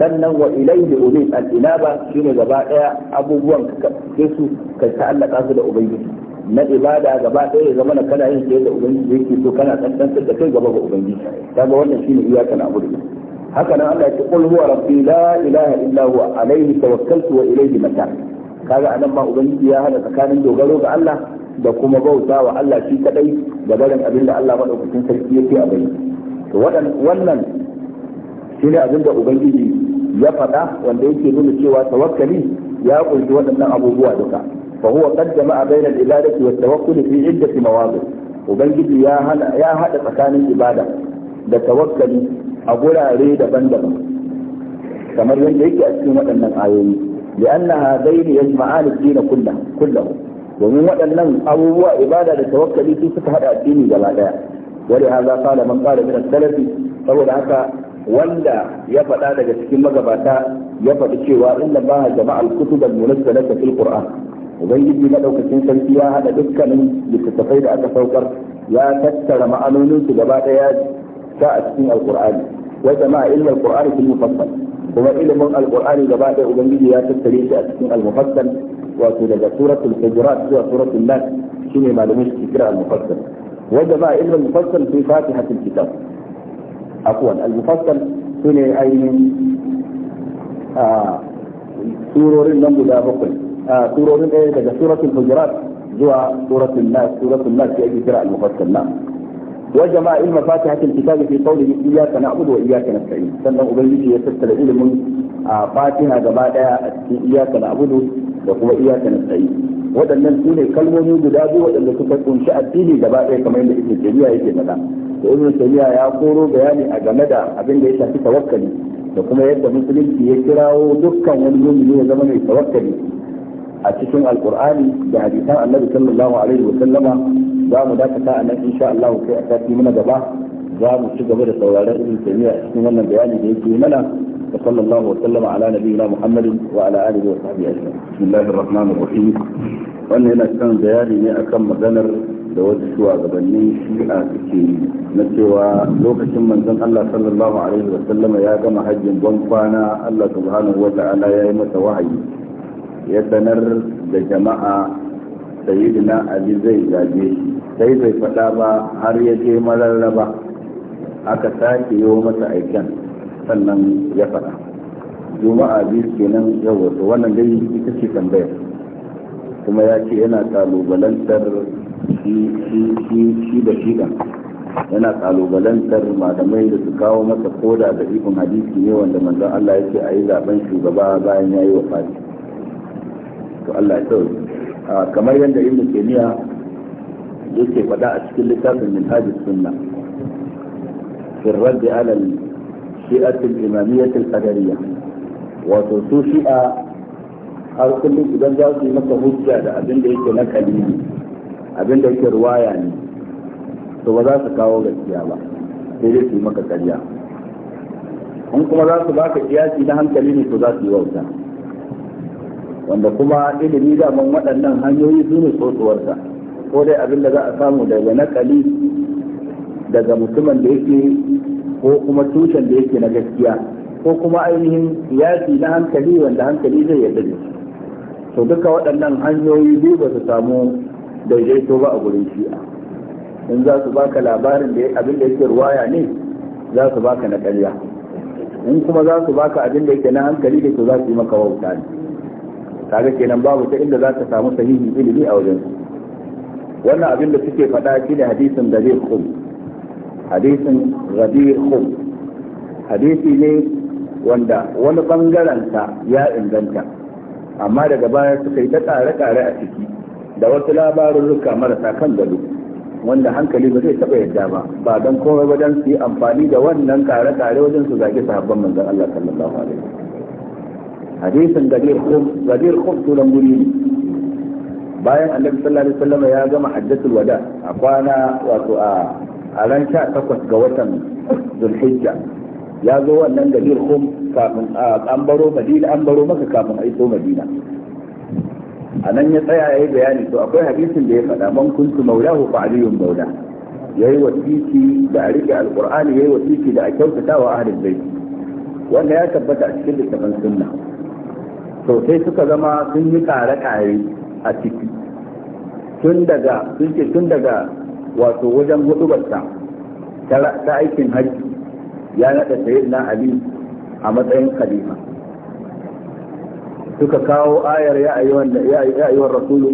S1: sannan wa ilayhi unib al-inaba shine gaba daya abubuwan ka su ka ta'allaka su da ubangiji na ibada gaba ɗaya ya zama kana yin da ubangiji yake so kana tsantantar da kai gaba ga ubangiji kaga wannan shine iyaka na abu haka nan Allah ya ce qul huwa rabbi la ilaha illa huwa alayhi tawakkaltu wa ilayhi mata kaga anan ma ubangiji ya hana tsakanin dogaro ga Allah da kuma bauta wa Allah shi kadai da barin abin da Allah madaukakin sarki yake a bai to wannan shine abin da ubangiji ya faɗa wanda yake nuna cewa tawakkali ya kunshi waɗannan abubuwa duka fa huwa qad jama'a bayna al-ibadati wa tawakkul fi iddati mawadi ubangiji ya hada ya hada tsakanin ibada da tawakkali a gurare daban-daban kamar yadda yake a cikin waɗannan ayoyi li'anna hadaini yajma'ani ad-din kullahu kullahu domin waɗannan abubuwa ibada da tawakkali su haɗa hada addini gaba daya wani haza kala saboda haka wanda ya faɗa daga cikin magabata ya faɗi cewa inda ba jama'a al-kutub al-munassalata fil qur'an ubangiji madaukakin sarki ya haɗa dukkanin littattafai da aka saukar ya tattara ma'anonin gaba ɗaya ta a cikin alqur'ani wa jama'a illa alqur'ani fil mufassal kuma ilimin Alƙur'ani gaba ɗaya ubangiji ya tattare shi a cikin al-mufassal wato daga suratul hujurat zuwa suratul nas shine malamin su kira al-mufassal wa jama'a illa sun mufassal fi fatihatil kitab afwan al-mufassal ainihin ah, surorin nan guda bakwai surorin ɗaya daga suratul hujurat zuwa suratul nas suratul nas ya ake kira al-mufassal na wa jama'a ilma fatihatul kitabi fi qawlihi iyyaka na'budu wa iyyaka nasta'in sannan ubangiji ya tattara ilimin fatiha gaba daya a cikin iyyaka na'budu da kuma iyyaka nasta'in waɗannan su ne kalmomi guda biyu waɗanda suka kunshi addini gaba ɗaya kamar yadda ibn taymiya yake faɗa da ibn taymiya ya koro bayani a game da abin da ya shafi tawakkali da kuma yadda musulunci ya kirawo dukkan wani mumini ya zama mai tawakkali a cikin alkur'ani da hadisan annabi sallallahu alaihi wa sallama za mu dakata a nan insha Allah kai a sati muna gaba za mu ci gaba da sauraron irin taymiya a cikin wannan bayani da yake mana wa sallallahu wa sallama ala nabiyyina muhammadin wa ala alihi wa sahbihi ajma'in bismillahir rahmanir rahim wannan yana kan bayani ne akan maganar da wasu shugabannin shi'a suke yi na cewa lokacin manzon Allah sallallahu alaihi wa sallama ya gama hajjin ban kwana Allah subhanahu wa ta'ala ya yi masa wahayi ya sanar da jama'a sayidina ali zai gaje shi sai bai faɗa ba har ya je mararraba aka sake wa masa aiken sannan ya faɗa juma'a biyu kenan yau wannan dai ita ce tambayar kuma ya ce yana kalubalantar shi da shi yana kalubalantar malamai da su kawo masa koda da ikon hadisi ne wanda manzon Allah ya ce a yi zaben shugaba bayan ya yi wa fadi to Allah ya sauke kamar yadda ibnu taymiya yake faɗa a cikin littafin minhaj sunna fi radd ala shi'at al-imamiyyah al-qadariyya wato su shi'a har kullum idan za su yi maka hujja da abin da yake na ne abin da yake ruwaya ne to ba za su kawo gaskiya ba sai dai su yi maka karya in kuma za su baka kiyasi na hankali ne to za su yi wauta wanda kuma ilimi daman waɗannan hanyoyi su ne tsotsuwarsa ko dai abin da za a samu daga nakali daga mutumin da yake ko kuma tushen da yake na gaskiya ko kuma ainihin siyasi na hankali wanda hankali zai yarda da shi to duka waɗannan hanyoyi biyu ba su samu daidaito ba a gurin shi'a in za su baka labarin da abin da yake ruwaya ne za su baka na ƙarya in kuma za su baka abin da yake na hankali da to za su yi maka wauta ne kaga kenan babu ta inda za ka samu sahihin ilimi a wajen wannan abin da suke faɗa shi ne hadisin da zai kum hadisin rabi kum hadisi ne wanda wani bangaren ya inganta amma daga baya suka yi ta tsare-tsare a ciki da wasu labarurruka marasa kan gado wanda hankali ba zai taɓa yadda ba ba don komai wajen su yi amfani da wannan tsare-tsare wajen su zage sahabban manzon Allah sallallahu alaihi wasallam hadisin gadir khum gadir khum sunan guri bayan annabi sallallahu alaihi wasallam ya gama hajjatul wada a kwana wato a a ran 18 ga watan zulhijja ya zo wannan gadir khum kafin an baro madina an baro maka kafin aiso madina a nan ya tsaya ya yi bayani to akwai hadisin da ya faɗa man kuntu maulahu fa aliyun maula yayi wasiki da a rike alƙur'ani ya yi wasiki da a kyautata wa ahalin bai wanda ya tabbata a cikin littafin sunna sosai suka zama sun yi kare-kare a ciki tun daga sun ce tun daga wato wajen hudubarsa ta aikin hajji ya naɗa sayid na ali a matsayin khalifa suka kawo ayar ya ayyuhar rasulu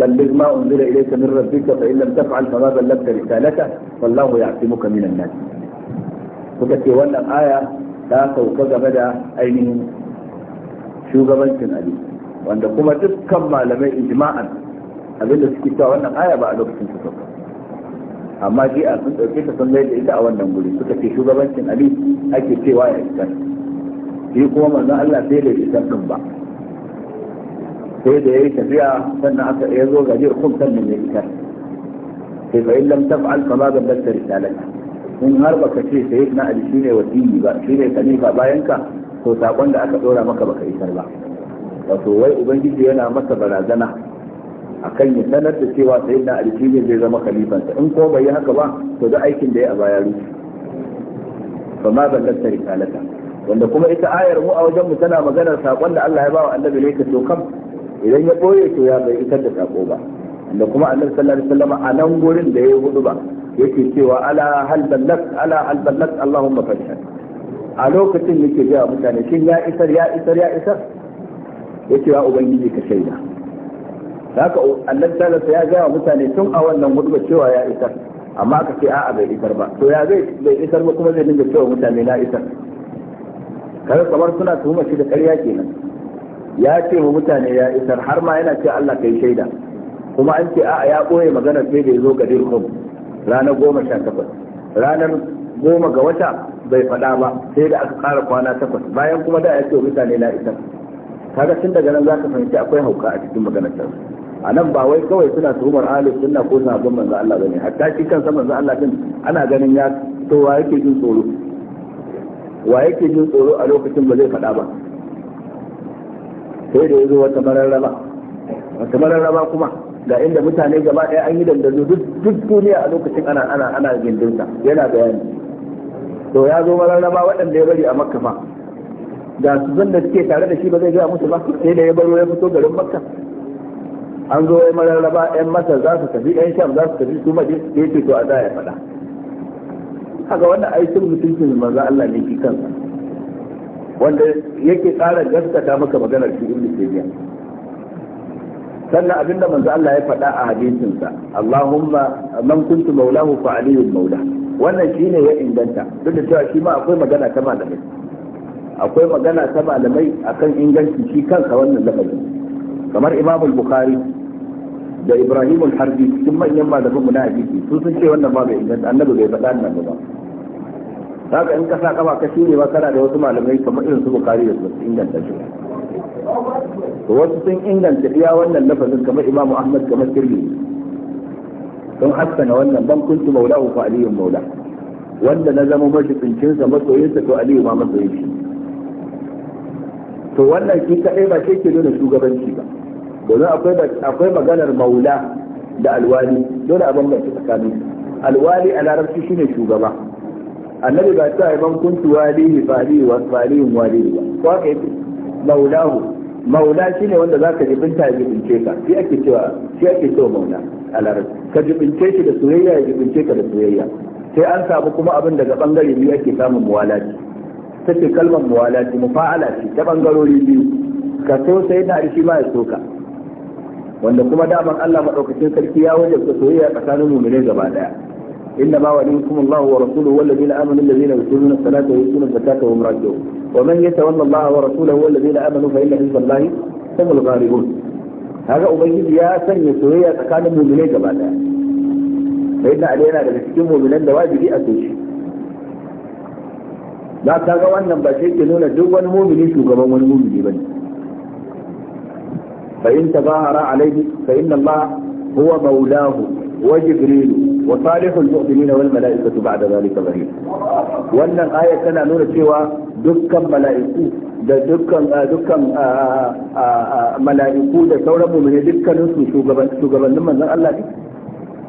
S1: بلغ ما أنزل إليك من ربك فإن لم تفعل فما بلغت رسالته والله يعصمك من الناس. وكتي wannan aya ta sauka game da ainihin shugabancin ali wanda kuma dukkan malamai ijma'an abinda suke cewa wannan aya ba a lokacin su sauka amma ji a sun ɗauke ta sun da ita a wannan guri suka ce shugabancin ali ake cewa ya isar shi kuma manzon Allah sai da isar din ba sai da yayi tafiya sannan aka ya zo gajiyar kum sannan ya isar sai fa in lam taf'al fa ma gabbata risalata in har baka ce sayyidina ali shine wasiyi ba shine khalifa bayan ka to sakon da aka dora maka baka isar ba wato wai ubangiji yana masa barazana akan ya sanar da cewa sai da alkini zai zama khalifansa in ko bai yi haka ba to da aikin da ya a baya rufe fa ma ballasta risalata wanda kuma ita ayar mu a wajen mu tana maganar sakon da Allah ya ba wa annabi ne ka to kam idan ya boye to ya bai isar da sako ba wanda kuma annabi sallallahu alaihi wasallam a nan gurin da ya hudu ba yake cewa ala hal ballak ala hal ballak allahumma fashhad a lokacin da ke gaya mutane shin ya isar ya isar ya isar ya ce wa ubangiji ka shaida haka annabi talata ya gaya mutane tun a wannan hudba cewa ya isar amma aka ce a'a bai isar ba to ya zai bai isar ba kuma zai dinga cewa mutane na isar kaga kamar suna tuhuma shi da ƙarya kenan ya ce wa mutane ya isar har ma yana ce Allah kai shaida kuma an ce a'a ya ɓoye maganar sai da ya zo ga dirhum ranar goma sha takwas ranar goma ga wata bai faɗa ba sai da aka ƙara kwana takwas bayan kuma da ya ce mutane na isa kaga tun daga nan zaka fahimci akwai hauka a cikin maganar ta a nan ba wai kawai suna tuhumar ahlus sunna ko sahabban manzo Allah bane hatta shi kansa manzo Allah din ana ganin ya to wa yake jin tsoro wa yake jin tsoro a lokacin ba zai faɗa ba sai da yazo wata mararraba wata mararraba kuma ga inda mutane gaba ɗaya an yi dandazo duk duniya a lokacin ana ana ana gindinta yana bayani to ya zo mararraba waɗanda ya bari a makka fa ga su zan da suke tare da shi ba zai gaya musu ba sai da ya baro ya fito garin makka an zo ya mararraba yan masar za su tafi yan sham za su tafi su ma ya ce to a za ya faɗa haka wannan ai sun mutuncin manzo Allah ne shi kansa wanda yake tsara gaskata maka maganar shi ibnu taymiya sannan abinda manzo Allah ya faɗa a hadisinsa Allahumma man kuntu maulahu fa aliyyun maulahu wannan shi ne ya inganta duk da cewa shi ma akwai magana ta malamai akwai magana ta malamai akan inganci shi kansa wannan lafazin kamar imamu al-Bukhari da Ibrahim harbi cikin manyan malaman mu na hadisi su sun ce wannan ba bai inganta annabi bai faɗa nan ba haka in ka sa kafa ka shine ba kana da wasu malamai kamar irin su Bukhari da su inganta shi wasu sun inganta iya wannan lafazin kamar imamu Ahmad kamar kirmi sun haskana wannan ban kuntu maulahu fa Aliyu maula wanda na zama mashigincin sa masoyin sa to aliyu ma masoyin shi to wannan shi kadai ba shi ke nuna shugabanci ba domin akwai akwai maganar maula da alwali dole a bambanta tsakanin alwali a larabci shine shugaba annabi ba ta ban kuntu walihi fa aliyun walihi ba ko haka yake maulahu maula shine wanda zaka jibinta ya jibince ka shi ake cewa shi ake cewa maula a larabci ka jibince shi da soyayya ya jibince ka da soyayya sai an samu kuma abin daga bangare biyu ake samun muwalati ta ce kalmar muwalati fa'ala shi ta bangarori biyu ka so sai na shi ma ya so ka wanda kuma daman Allah madaukakin sarki ya ka soyayya tsakanin mu'mine gaba daya inna ma waliyukum Allahu wa rasuluhu wal ladina amanu alladhina yusalluna salata wa yutuna zakata wa hum raji'un ومن يتولى الله ورسوله والذين امنوا فان حزب الله هم الغالبون هذا ubangiji ya sanya soyayya tsakanin mu'minai gaba daya yana daga cikin mu'minan da wajibi a so shi za ka ga wannan ba sai ke nuna duk wani mu'mini shugaban wani mu'mini bane fa in tabahara alaihi وجبريل وصالح المؤمنين والملائكة بعد ذلك ظهير wannan aya tana nuna cewa dukkan mala'iku da dukkan ah, dukkan ah, ah, mala'iku da sauran mu'mini dukkanin su shugabannin manzon Allah ne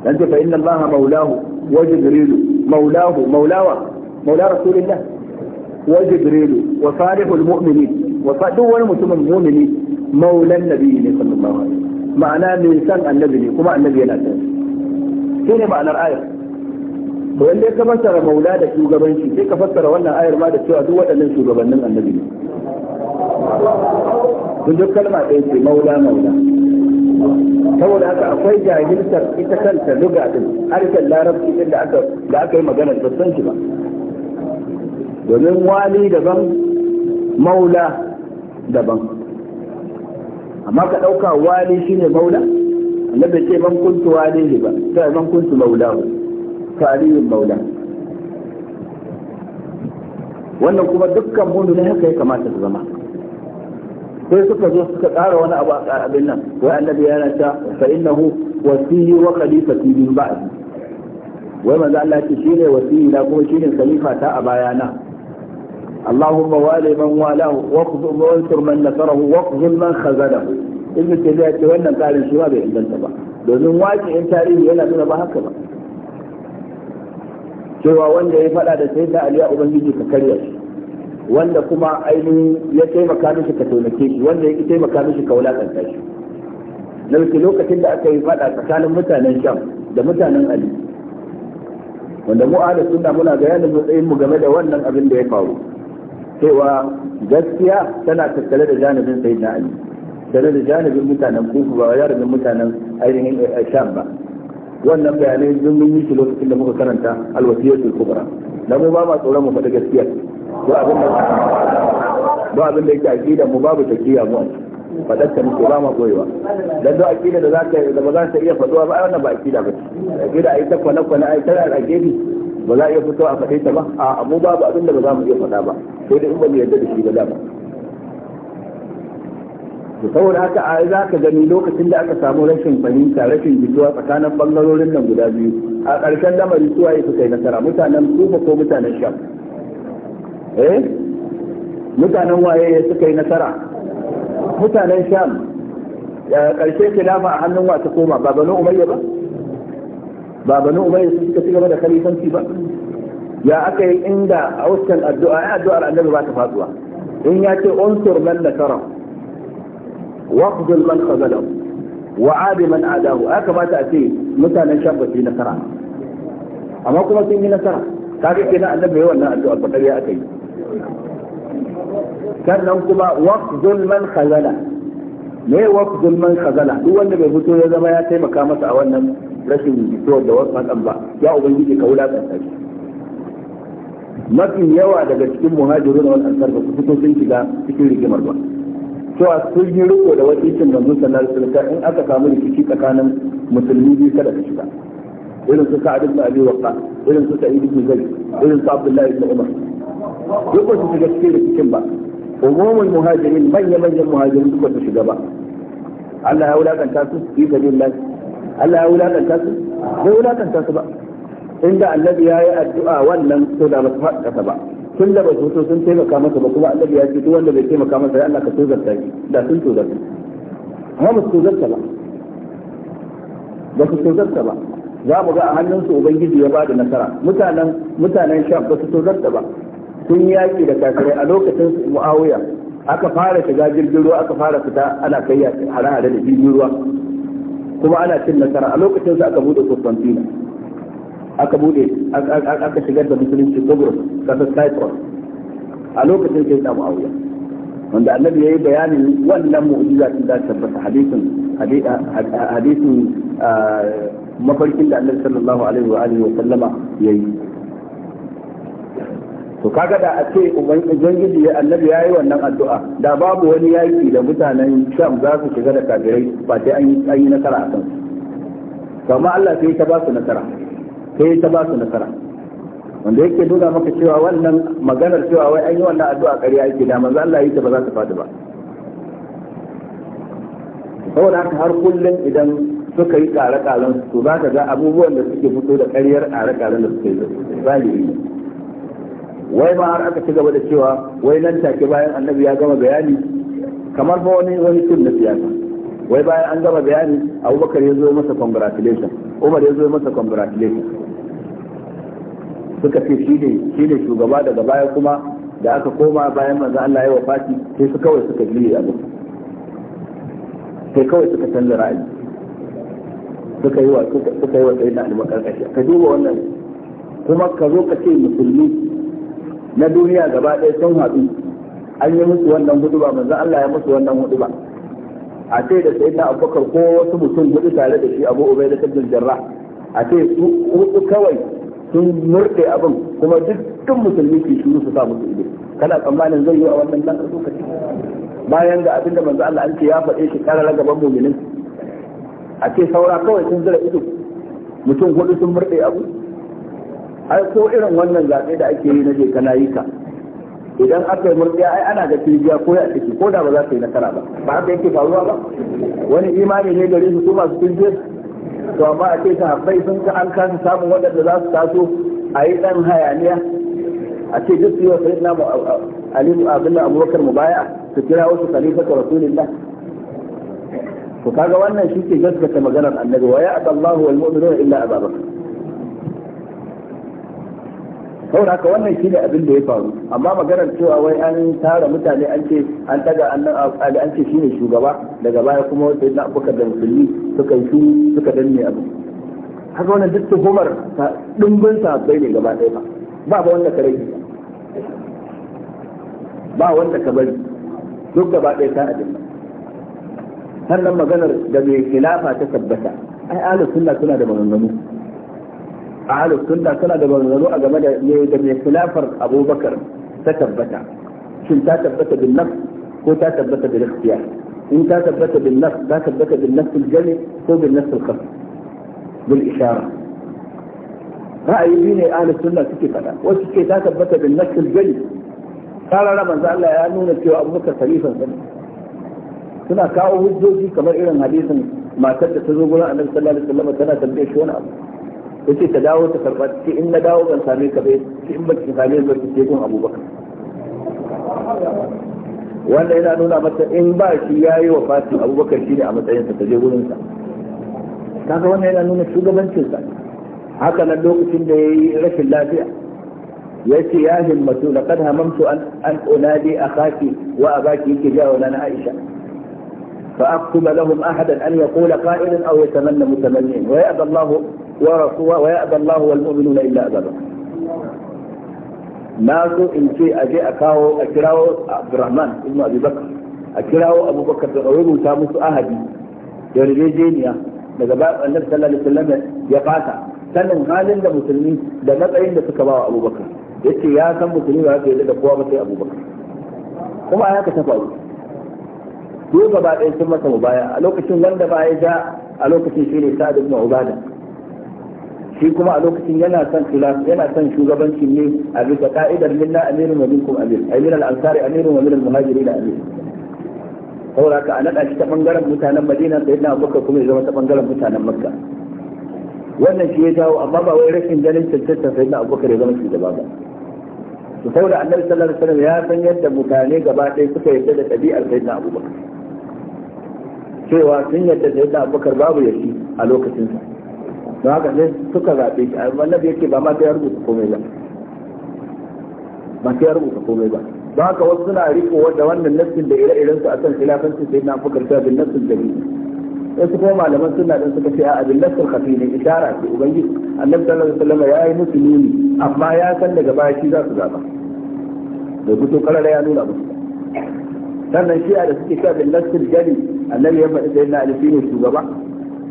S1: dan ce fa inna Allah maulahu wa jibril maulahu maulawa maula rasulillah wa wani mutumin mu'mini nabi ne sallallahu alaihi wasallam san annabi ne kuma annabi yana shi ne ma'anar ayar to yanda ka fassara maula da shugabanci sai ka fassara wannan ayar ma da cewa duk waɗannan shugabannin annabi ne duk duk kalma ɗaya ce maula maula saboda haka akwai jahiltar ita kanta luga din harkar larabci din da aka da aka yi magana da san shi ba domin wali daban maula daban amma ka ɗauka wali shine maula wanda ce man kuntu walihi ba sai man kuntu maulahu to aliyun maula wannan kuma dukkan mundu ne haka ya kamata su zama sai suka zo suka tsara wani abu a abin nan wai annabi yana ta fa innahu wasiyyi wa khalifati min ba'di wai manzo Allah ce shine wasiyyi na kuma shine khalifa ta a bayana اللهم وال من والاه واخذ وانصر من نصره واخذل من خذله ibn tabiya ce wannan tsarin shi ma bai inganta ba domin waƙi in tarihi yana nuna ba haka ba cewa wanda ya faɗa da sai ta aliya ubangiji ka karya shi wanda kuma ainihin ya taimaka mishi ka taimake shi wanda ya taimaka mishi ka wulakanta shi na lokacin da aka yi faɗa tsakanin mutanen sham da mutanen ali wanda mu ahlus sunna muna bayanin matsayin mu game da wannan abin da ya faru cewa gaskiya tana tattare da janibin sayyidina ali da da janibin mutanen kufu ba ya da mutanen ainihin eh, eh, sham ba wannan bayanai sun mun yi shi lokacin da muka karanta alwasiyatul kubra da mu ba ma tsoron mu fada gaskiya ba abin da ba abin da yake aqida mu babu takiya mu faɗar ta muke ba ma goyewa dan da aqida da zaka da ba za ta iya faduwa ba wannan ba aqida ba aqida ai ta kwana kwana ai ta alaqidi ba za a iya fito a faɗe ta ba a mu babu abin da ba za mu iya faɗa ba sai da in ba mu yarda da shi ba da ba to saboda haka a za ka gani lokacin da aka samu rashin fahimta rashin jituwa tsakanin bangarorin nan guda biyu a ƙarshen lamari suwa ya suka yi nasara mutanen kuma ko mutanen sham eh mutanen waye ya suka yi nasara mutanen sham ya ƙarshe khilafa a hannun wata koma ba banu umayya ba ba banu umayya sun suka cigaba da kalifanci ba ya aka yi inda a wuskan addu'a ya addu'ar annabi ba ta faduwa in ya ce unsur man nasara waqdul man qabalahu wa abi man adahu aka bata a ce mutanen sham ba su yi nasara amma kuma sun yi nasara kaga kenan annabi yayi wannan addu'a ba kariya aka yi sannan kuma waqdul man khazala me waqdul man khazala duk wanda bai fito ya zama ya taimaka masa a wannan rashin fito da wasu matsan ba ya ubangiji ka wulakanta shi mafi yawa daga cikin muhajirin wal ansar ba su fito sun shiga cikin rigimar ba To a yi riko da wasiƙin manzo sallallahu alaihi wasallam in aka samu rikici tsakanin musulmi biyu kada ka shiga irin su Sa'ad ibn Abi Waqqas irin su Sa'id ibn Zaid irin su Abdullahi ibn Umar duk ba su shiga cikin rikicin ba umumul muhajirin manya manyan muhajirin duk ba su shiga ba Allah ya wulakanta su fi sabilillah Allah ya wulakanta su bai wulakanta su ba inda annabi ya yi addu'a wannan to da ba su faɗa ba tun da bai so sun taimaka masa ba kuma annabi ya ce duk wanda bai taimaka masa ya Allah ka ta shi da sun ta amma ba su ta ba ba su ta ba za mu ga a hannun su ubangiji ya bada nasara mutanen mutanen sham ba su ta ba sun yaki da kafirai a lokacin muawiya aka fara shiga jirgin ruwa aka fara fita ana kai hare-hare da jirgin ruwa kuma ana cin nasara a lokacin su aka bude Constantinople aka bude aka shigar da musulunci kogoro kasar cyprus a lokacin sai samu auya wanda annabi ya yi bayanin wannan mu'ujiza din da tabbata hadisin hadisin mafarkin da annabi sallallahu alaihi wa alihi wa sallama yi to kaga da a ce ubangiji ya annabi yayi wannan addu'a da babu wani yaki da mutanen sham za su shiga da kafirai ba sai an yi nasara a kansu kamar Allah sai ta ba su nasara sai ta ba su nasara wanda yake nuna maka cewa wannan maganar cewa wai an yi wannan addu'a ƙarya yake da manzo Allah yi ta ba za ta faɗi ba saboda haka har kullum idan suka yi ƙare-ƙaren su za ka ga abubuwan da suke fito da ƙaryar ƙare-ƙaren da suke yi wai ma har aka ci gaba da cewa wai nan take bayan annabi ya gama bayani kamar fa wani wani tun na siyasa wai bayan an gama bayani abubakar ya zo masa congratulation umar ya zo masa congratulation suka ce shi ne shugaba daga baya kuma da aka koma bayan manzo Allah ya wafati sai su kawai suka juye abu sai kawai suka canza ra'ayi suka yi wa suka yi wa sai da ka duba wannan kuma ka zo ka ce musulmi na duniya gaba ɗaya sun haɗu an yi musu wannan huduba manzo Allah ya musu wannan huduba a ce da sayyidina Abubakar ko wasu mutum hudu tare da shi Abu Ubaida bin jarra a ce su hudu kawai sun murɗe abin kuma dukkan musulmi ke shuru su sa su ido kana tsammanin zai yi a wannan nan lokaci bayan ga abinda manzo Allah an ce ya faɗe shi karar gaban mu'minin a ce saura kawai sun zira ido mutum hudu sun murɗe abu ai ko irin wannan zaɓe da ake yi na je kana yi ka idan aka yi murɗe ai ana ga kirjiya ko ya ciki ko da ba za ta yi nasara ba ba haka yake faruwa ba wani imani ne gare su su masu kirjiyar to amma a ce sahabbai sun ka an kasa samun waɗanda za su taso a yi ɗan hayaniya a ce duk yi wa sayyidina alimu abinda abubakar mu baya su kira wasu khalifatu rasulillah to kaga wannan shi ke gaskata maganar annabi wa ya aballahu wal mu'minuna illa ababakar saboda haka wannan shi ne abin da ya faru amma maganar cewa wai an tara mutane an ce an daga annan an ce shine shugaba daga baya kuma wata na abubakar da musulmi suka yi suka danne abu haka wannan duk tuhumar dimbin sahabbai ne gaba ɗaya ba ba wanda ka rage ba wanda ka bari duk gaba ɗaya ta adin sannan maganar da mai khilafa ta tabbata ai ahlus sunna suna da maganganu ahlus sunna suna da maganganu a game da da mai khilafar abubakar ta tabbata shin ta tabbata bin nafs ko ta tabbata bil ikhtiyar in ta tabbata bin nafs ta tabbata bin nafs al-jami ko bin nafs al-khas bil ishara ra'ayi ne ahlus sunna suke fada wasu ke ta tabbata bin nafs al-jami karara manzo Allah ya nuna cewa abubakar khalifan sa suna kawo hujjoji kamar irin hadisin matar da ta zo gurin annabi sallallahu alaihi wasallam tana tambaye shi wani abu yace ta dawo ta karba ce in na dawo ban same ka bai ce in ba ki same ba ki ce gun abubakar wanda yana nuna mata in ba shi yayi wa fatin abubakar shi ne a matsayin sa ta je gurin sa kaga wannan yana nuna shugabancin sa haka nan lokacin da yayi rashin lafiya yace ya himmatu laqad hamamtu an an unadi akhaki wa abaki yake jawo na Aisha فأكتب لهم أحدا أن يقول قائلا أو يتمنى متمنيا ويأبى الله ورسوله ويأبى الله والمؤمنون إلا أبدا ناسو إن شيء أجي أكاو أكراو عبد الرحمن ابن أبي بكر أكراو أبو بكر أولو تامس أهدي yarjejeniya daga ba annabi sallallahu alaihi wasallam ya fata sanin halin da musulmi da matsayin da suka bawa abubakar yace ya san musulmi ba zai da kowa ba abubakar kuma ya ta faru duk gaba ɗaya sun masa mubaya a lokacin wanda ba ya ja a lokacin shine sa'ad ibn ubada shi kuma a lokacin yana son khilaf yana son shugabancin ne a bisa ka'idar minna amirun wa minkum amir ay min al-ansari amirun wa min al-muhajirin amir saboda ka a shi ta bangaren mutanen Madina sai na Abubakar kuma ya zama ta bangaren mutanen Makka wannan shi ya jawo amma ba wai rashin ganin cancanta sai na Abubakar ya zama shugaba ba to saboda Annabi sallallahu alaihi wasallam ya san yadda mutane gaba ɗaya suka yarda da ɗabi'ar sayyidina Abubakar cewa sun yarda da sayyidina Abubakar babu yashi a lokacin sa don haka ne suka zaɓe shi na yake ba ma sai ya rubuta komai ba ba sai ya rubuta komai ba don haka wasu suna riko da wannan nassin da ire-iren su akan khilafancin sai na fukar ta bin nassin da wasu kuma malaman suna dan suka ce a abin nassin khafi ne idara ce ubangiji annabi sallallahu alaihi wasallam ya yi musu nuni amma ya san daga baya shi za su zaɓa da fito kalar ya nuna musu sannan shi'a da suke cewa bin nassin jali annabi ya faɗi sai na alifi ne shugaba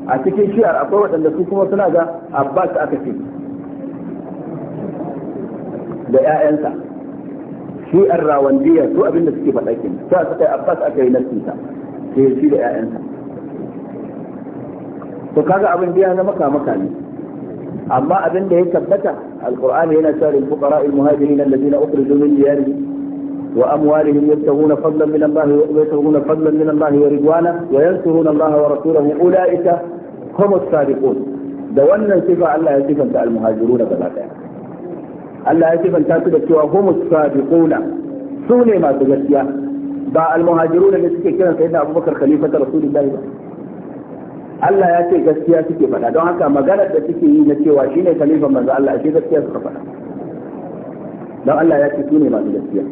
S1: a cikin shiyar akwai waɗanda su kuma suna ga abbas aka ce da 'ya'yansa shi'ar rawandiyar su abinda suke faɗa ke a suka yi abbas aka yi nasinsa sai shi da 'ya'yansa to kaga abin da ya zama kamaka ne amma abin da ya tabbata alqur'ani yana cewa lil fuqara al muhajirin alladhina ukhrijoo min diyarihim وأموالهم يبتغون فضلا من الله ويبتغون فضلا من الله ورضوانه وينصرون الله ورسوله أولئك هم الصادقون da wannan sifa Allah ya sifanta almuhajiruna gaba daya Allah ya sifanta su da cewa humus sabiquna su ne masu gaskiya ba almuhajiruna ne suke kiran sayyidina Abubakar khalifata rasulullahi ba Allah ya ce gaskiya suke faɗa don haka maganar da suke yi na cewa shine khalifan manzo Allah shi gaskiya suka faɗa don Allah ya ce su ne masu gaskiya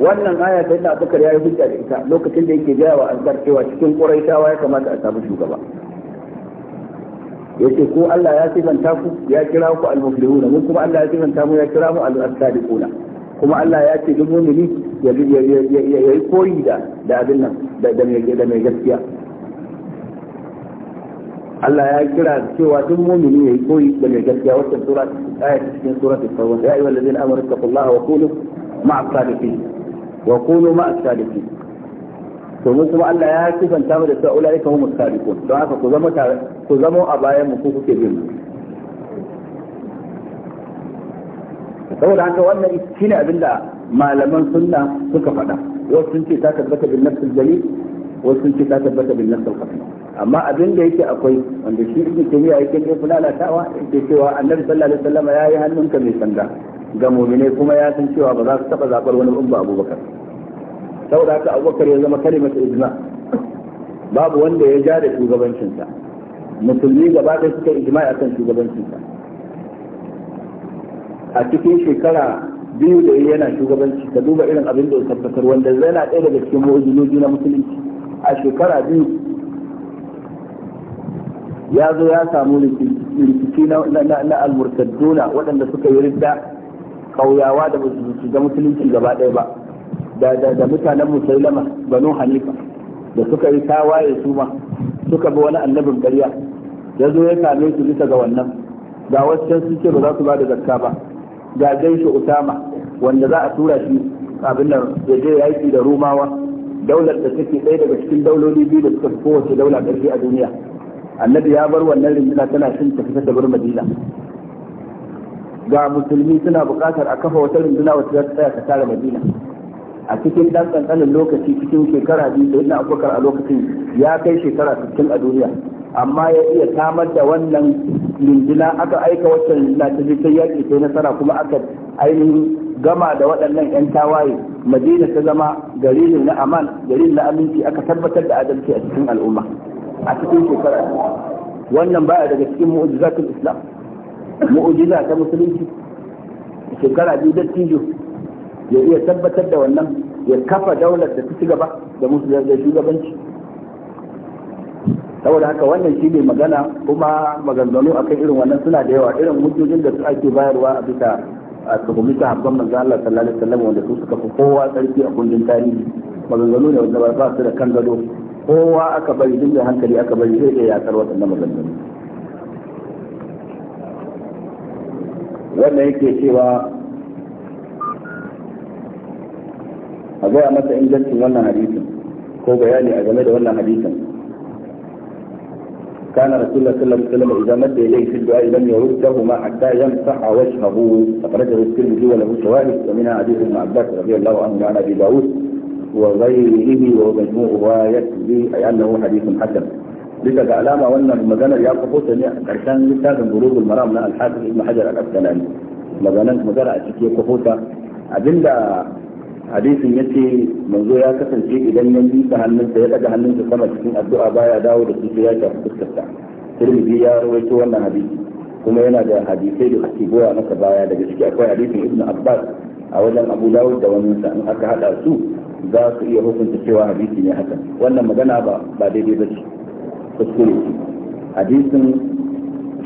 S1: wannan aya sai da abubakar ya yi hujja da ita lokacin da yake gaya wa ansar cewa cikin quraishawa ya kamata a samu shugaba ya ce ko Allah ya sifanta ku ya kira ku al-muflihuna mun kuma Allah ya sifanta mu ya kira mu al-sadiquna kuma Allah ya ce duk mu'mini ya yi koyi da da abin nan da mai gaskiya Allah ya kira cewa duk mumini yi koyi da mai gaskiya wata sura yi cikin suratul tawbah ya ayyuhallazina amanu taqullaha wa qulu ma'a sadiqin wa kunu ma as-sadiqin to mu kuma Allah ya sifanta mu da su cewa ulaika humus sadiqun don haka ku zama ku zama a bayan mu ku kuke bin mu saboda haka wannan shine da malaman sunna suka faɗa wasu sun ce ta tabbata bin nafsul jalil wasu sun ce ta tabbata bin nafsul qatil amma abin da yake akwai wanda shi ibn taymiya yake kai fulalatawa yake cewa annabi sallallahu alaihi wasallam yi hannunka mai sanda ga mu'mine kuma ya san cewa ba za su taba zabar wani in ba abubakar saboda haka abubakar ya zama kare mata izina. babu wanda ya ja da shugabancinsa musulmi gaba ɗaya suka ijma akan shugabancinsa a cikin shekara biyu da yana shugabanci ka duba irin abin da ya tabbatar wanda zai na ɗaya daga cikin mu'ujizoji na musulunci a shekara biyu ya zo ya samu rikici na al waɗanda suka yi ridda kauyawa da shiga musulunci gaba ɗaya ba da mutanen musulama banu hanifa da suka yi tawaye su ma suka bi wani annabin ƙarya ya zo ya same su bisa ga wannan ga wasu sun ce ba za su ba da zakka ba ga jaishi usama wanda za a tura shi abin nan ya je yaƙi da rumawa daular da take ɗaya daga cikin dauloli biyu da suka fi kowace daula ƙarfi a duniya annabi ya bar wannan rinjina tana shin tafi ta bar madina ga musulmi suna buƙatar a kafa wata runduna wacce za ta tsaya ta tare madina a cikin dan kankanin lokaci cikin shekara biyu da yana abubakar a lokacin ya kai shekara 60 a duniya amma ya iya samar da wannan runduna aka aika wata runduna ta je sai yaƙi sai nasara kuma aka ainihin gama da waɗannan 'yan tawaye madina ta zama gari ne na aman gari na aminci aka tabbatar da adalci a cikin al'umma a cikin shekara wannan baya daga cikin mu'ujizatul islam mu'ujiza ta musulunci shekara biyu tijo ya iya tabbatar da wannan ya kafa daular da ta ci gaba da da shugabanci saboda haka wannan shi ne magana kuma maganganu akan irin wannan suna da yawa irin mutujin da su ake bayarwa a bisa a tuhumita habban manzo Allah sallallahu alaihi wasallam wanda su suka fi kowa tsarki a kundin tarihi maganganu ne wanda ba su da kan gado kowa aka bari duk da hankali aka bari zai iya yakar waɗannan maganganu wanda yake cewa a gaya masa ingancin wannan hadisin ko bayani a game da wannan hadisin كان رسول الله صلى الله عليه وسلم اذا مد اليه في الدعاء لم يردهما حتى يمسح وجهه اخرجه الترمذي وله شواهد ومنها حديث ابن عباس رضي الله عنه عن ابي داود وغيره ومجموعها يكفي اي انه حديث حسن bisa ga alama wannan maganar ya kafo ta ne a ƙarshen littafin gurubul maram na alhafiz ibn hajar al-asqalani maganar magana a cikin kafo ta abinda hadisin ya ce manzo ya kasance idan ya miƙa hannunsa ya ɗaga hannunsa sama cikin addu'a baya dawo da su ya shafi fuskarsa tirmidhi ya rawaito wannan hadisi kuma yana da hadisai da suke goya masa baya daga ciki akwai hadisin ibn abbas a wajen abu dawud da wani in aka hada su za su iya hukunta cewa hadisi ne haka wannan magana ba ba daidai ba ce kuskure hadisin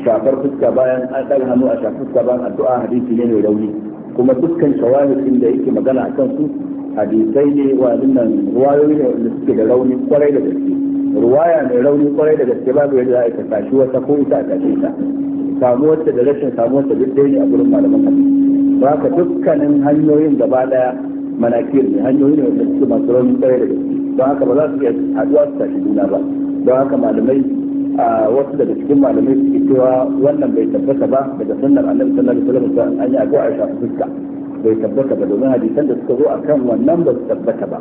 S1: shafar fuska bayan an ɗaga hannu a shafar fuska bayan addu'a hadisi ne mai rauni kuma dukkan shawahidin da yake magana a kansu hadisai ne wa nan ruwayoyi ne wanda suke da rauni kwarai da gaske ruwaya mai rauni kwarai da gaske babu yadda za a shi wata ko ita a tashi ta samuwarta da rashin samuwarta duk dai ne a gurin malaman hadisi ba ka dukkanin hanyoyin gaba daya manakir ne hanyoyi ne wanda suke masu rauni kwarai da gaske don haka ba za su iya haɗuwa su tashi juna ba don haka malamai a wasu daga cikin malamai suke cewa wannan bai tabbata ba daga sunnar annabi sallallahu alaihi wasallam an yi addu'a a shafi fuska bai tabbata ba domin hadisan da suka zo akan wannan ba su tabbata ba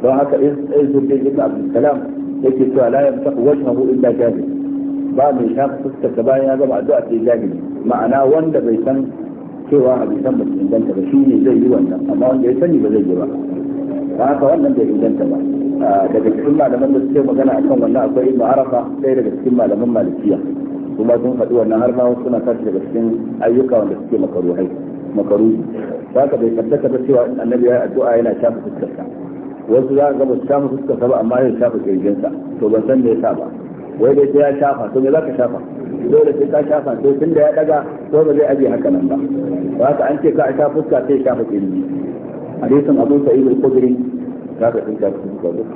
S1: don haka izurdin ibn abdul salam yake cewa la yamsahu wajhahu illa jahil ba mai shafa fuska ta bayan ya gama addu'a sai jahili ma'ana wanda bai san cewa hadisan ba su inganta ba ne zai yi wannan amma wanda ya sani ba zai yi ba ba haka wannan bai inganta ba ah, daga cikin malaman da suke magana akan wannan akwai ibnu arafa sai daga cikin malaman malikiya kuma sun faɗi wannan har ma suna kashi daga cikin ayyuka wanda suke makaruhai makaru haka bai tabbata ba cewa annabi ya addu'a yana shafa fuskarsa wasu za ga ba su shafa fuskarsa ba amma yana shafa kirjinsa to ban san me yasa ba wai dai ya shafa to me za ka shafa dole sai ka shafa to tun da ya daga to ba zai aje haka nan ba ba haka an ce ka a shafa fuska sai shafa kirji hadisin abu sa'id al-khudri kaga sun ka su ga duk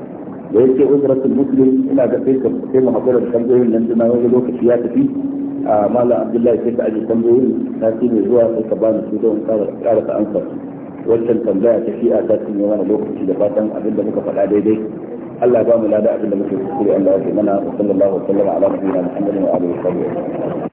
S1: da yake uzratul muslim ina ga sai ka sai mu hakura da tambayoyin nan duna wani lokaci ya tafi a malam abdullahi sai ka aje tambayoyin ta ci mai zuwa sai ka bani su don kara ta ansa wancan tambaya ta shi'a ta cinye mana lokaci da fatan abin da muka faɗa daidai Allah ba mu lada abin da muke kuskure Allah ya mana wa
S2: sallallahu alaihi wa ala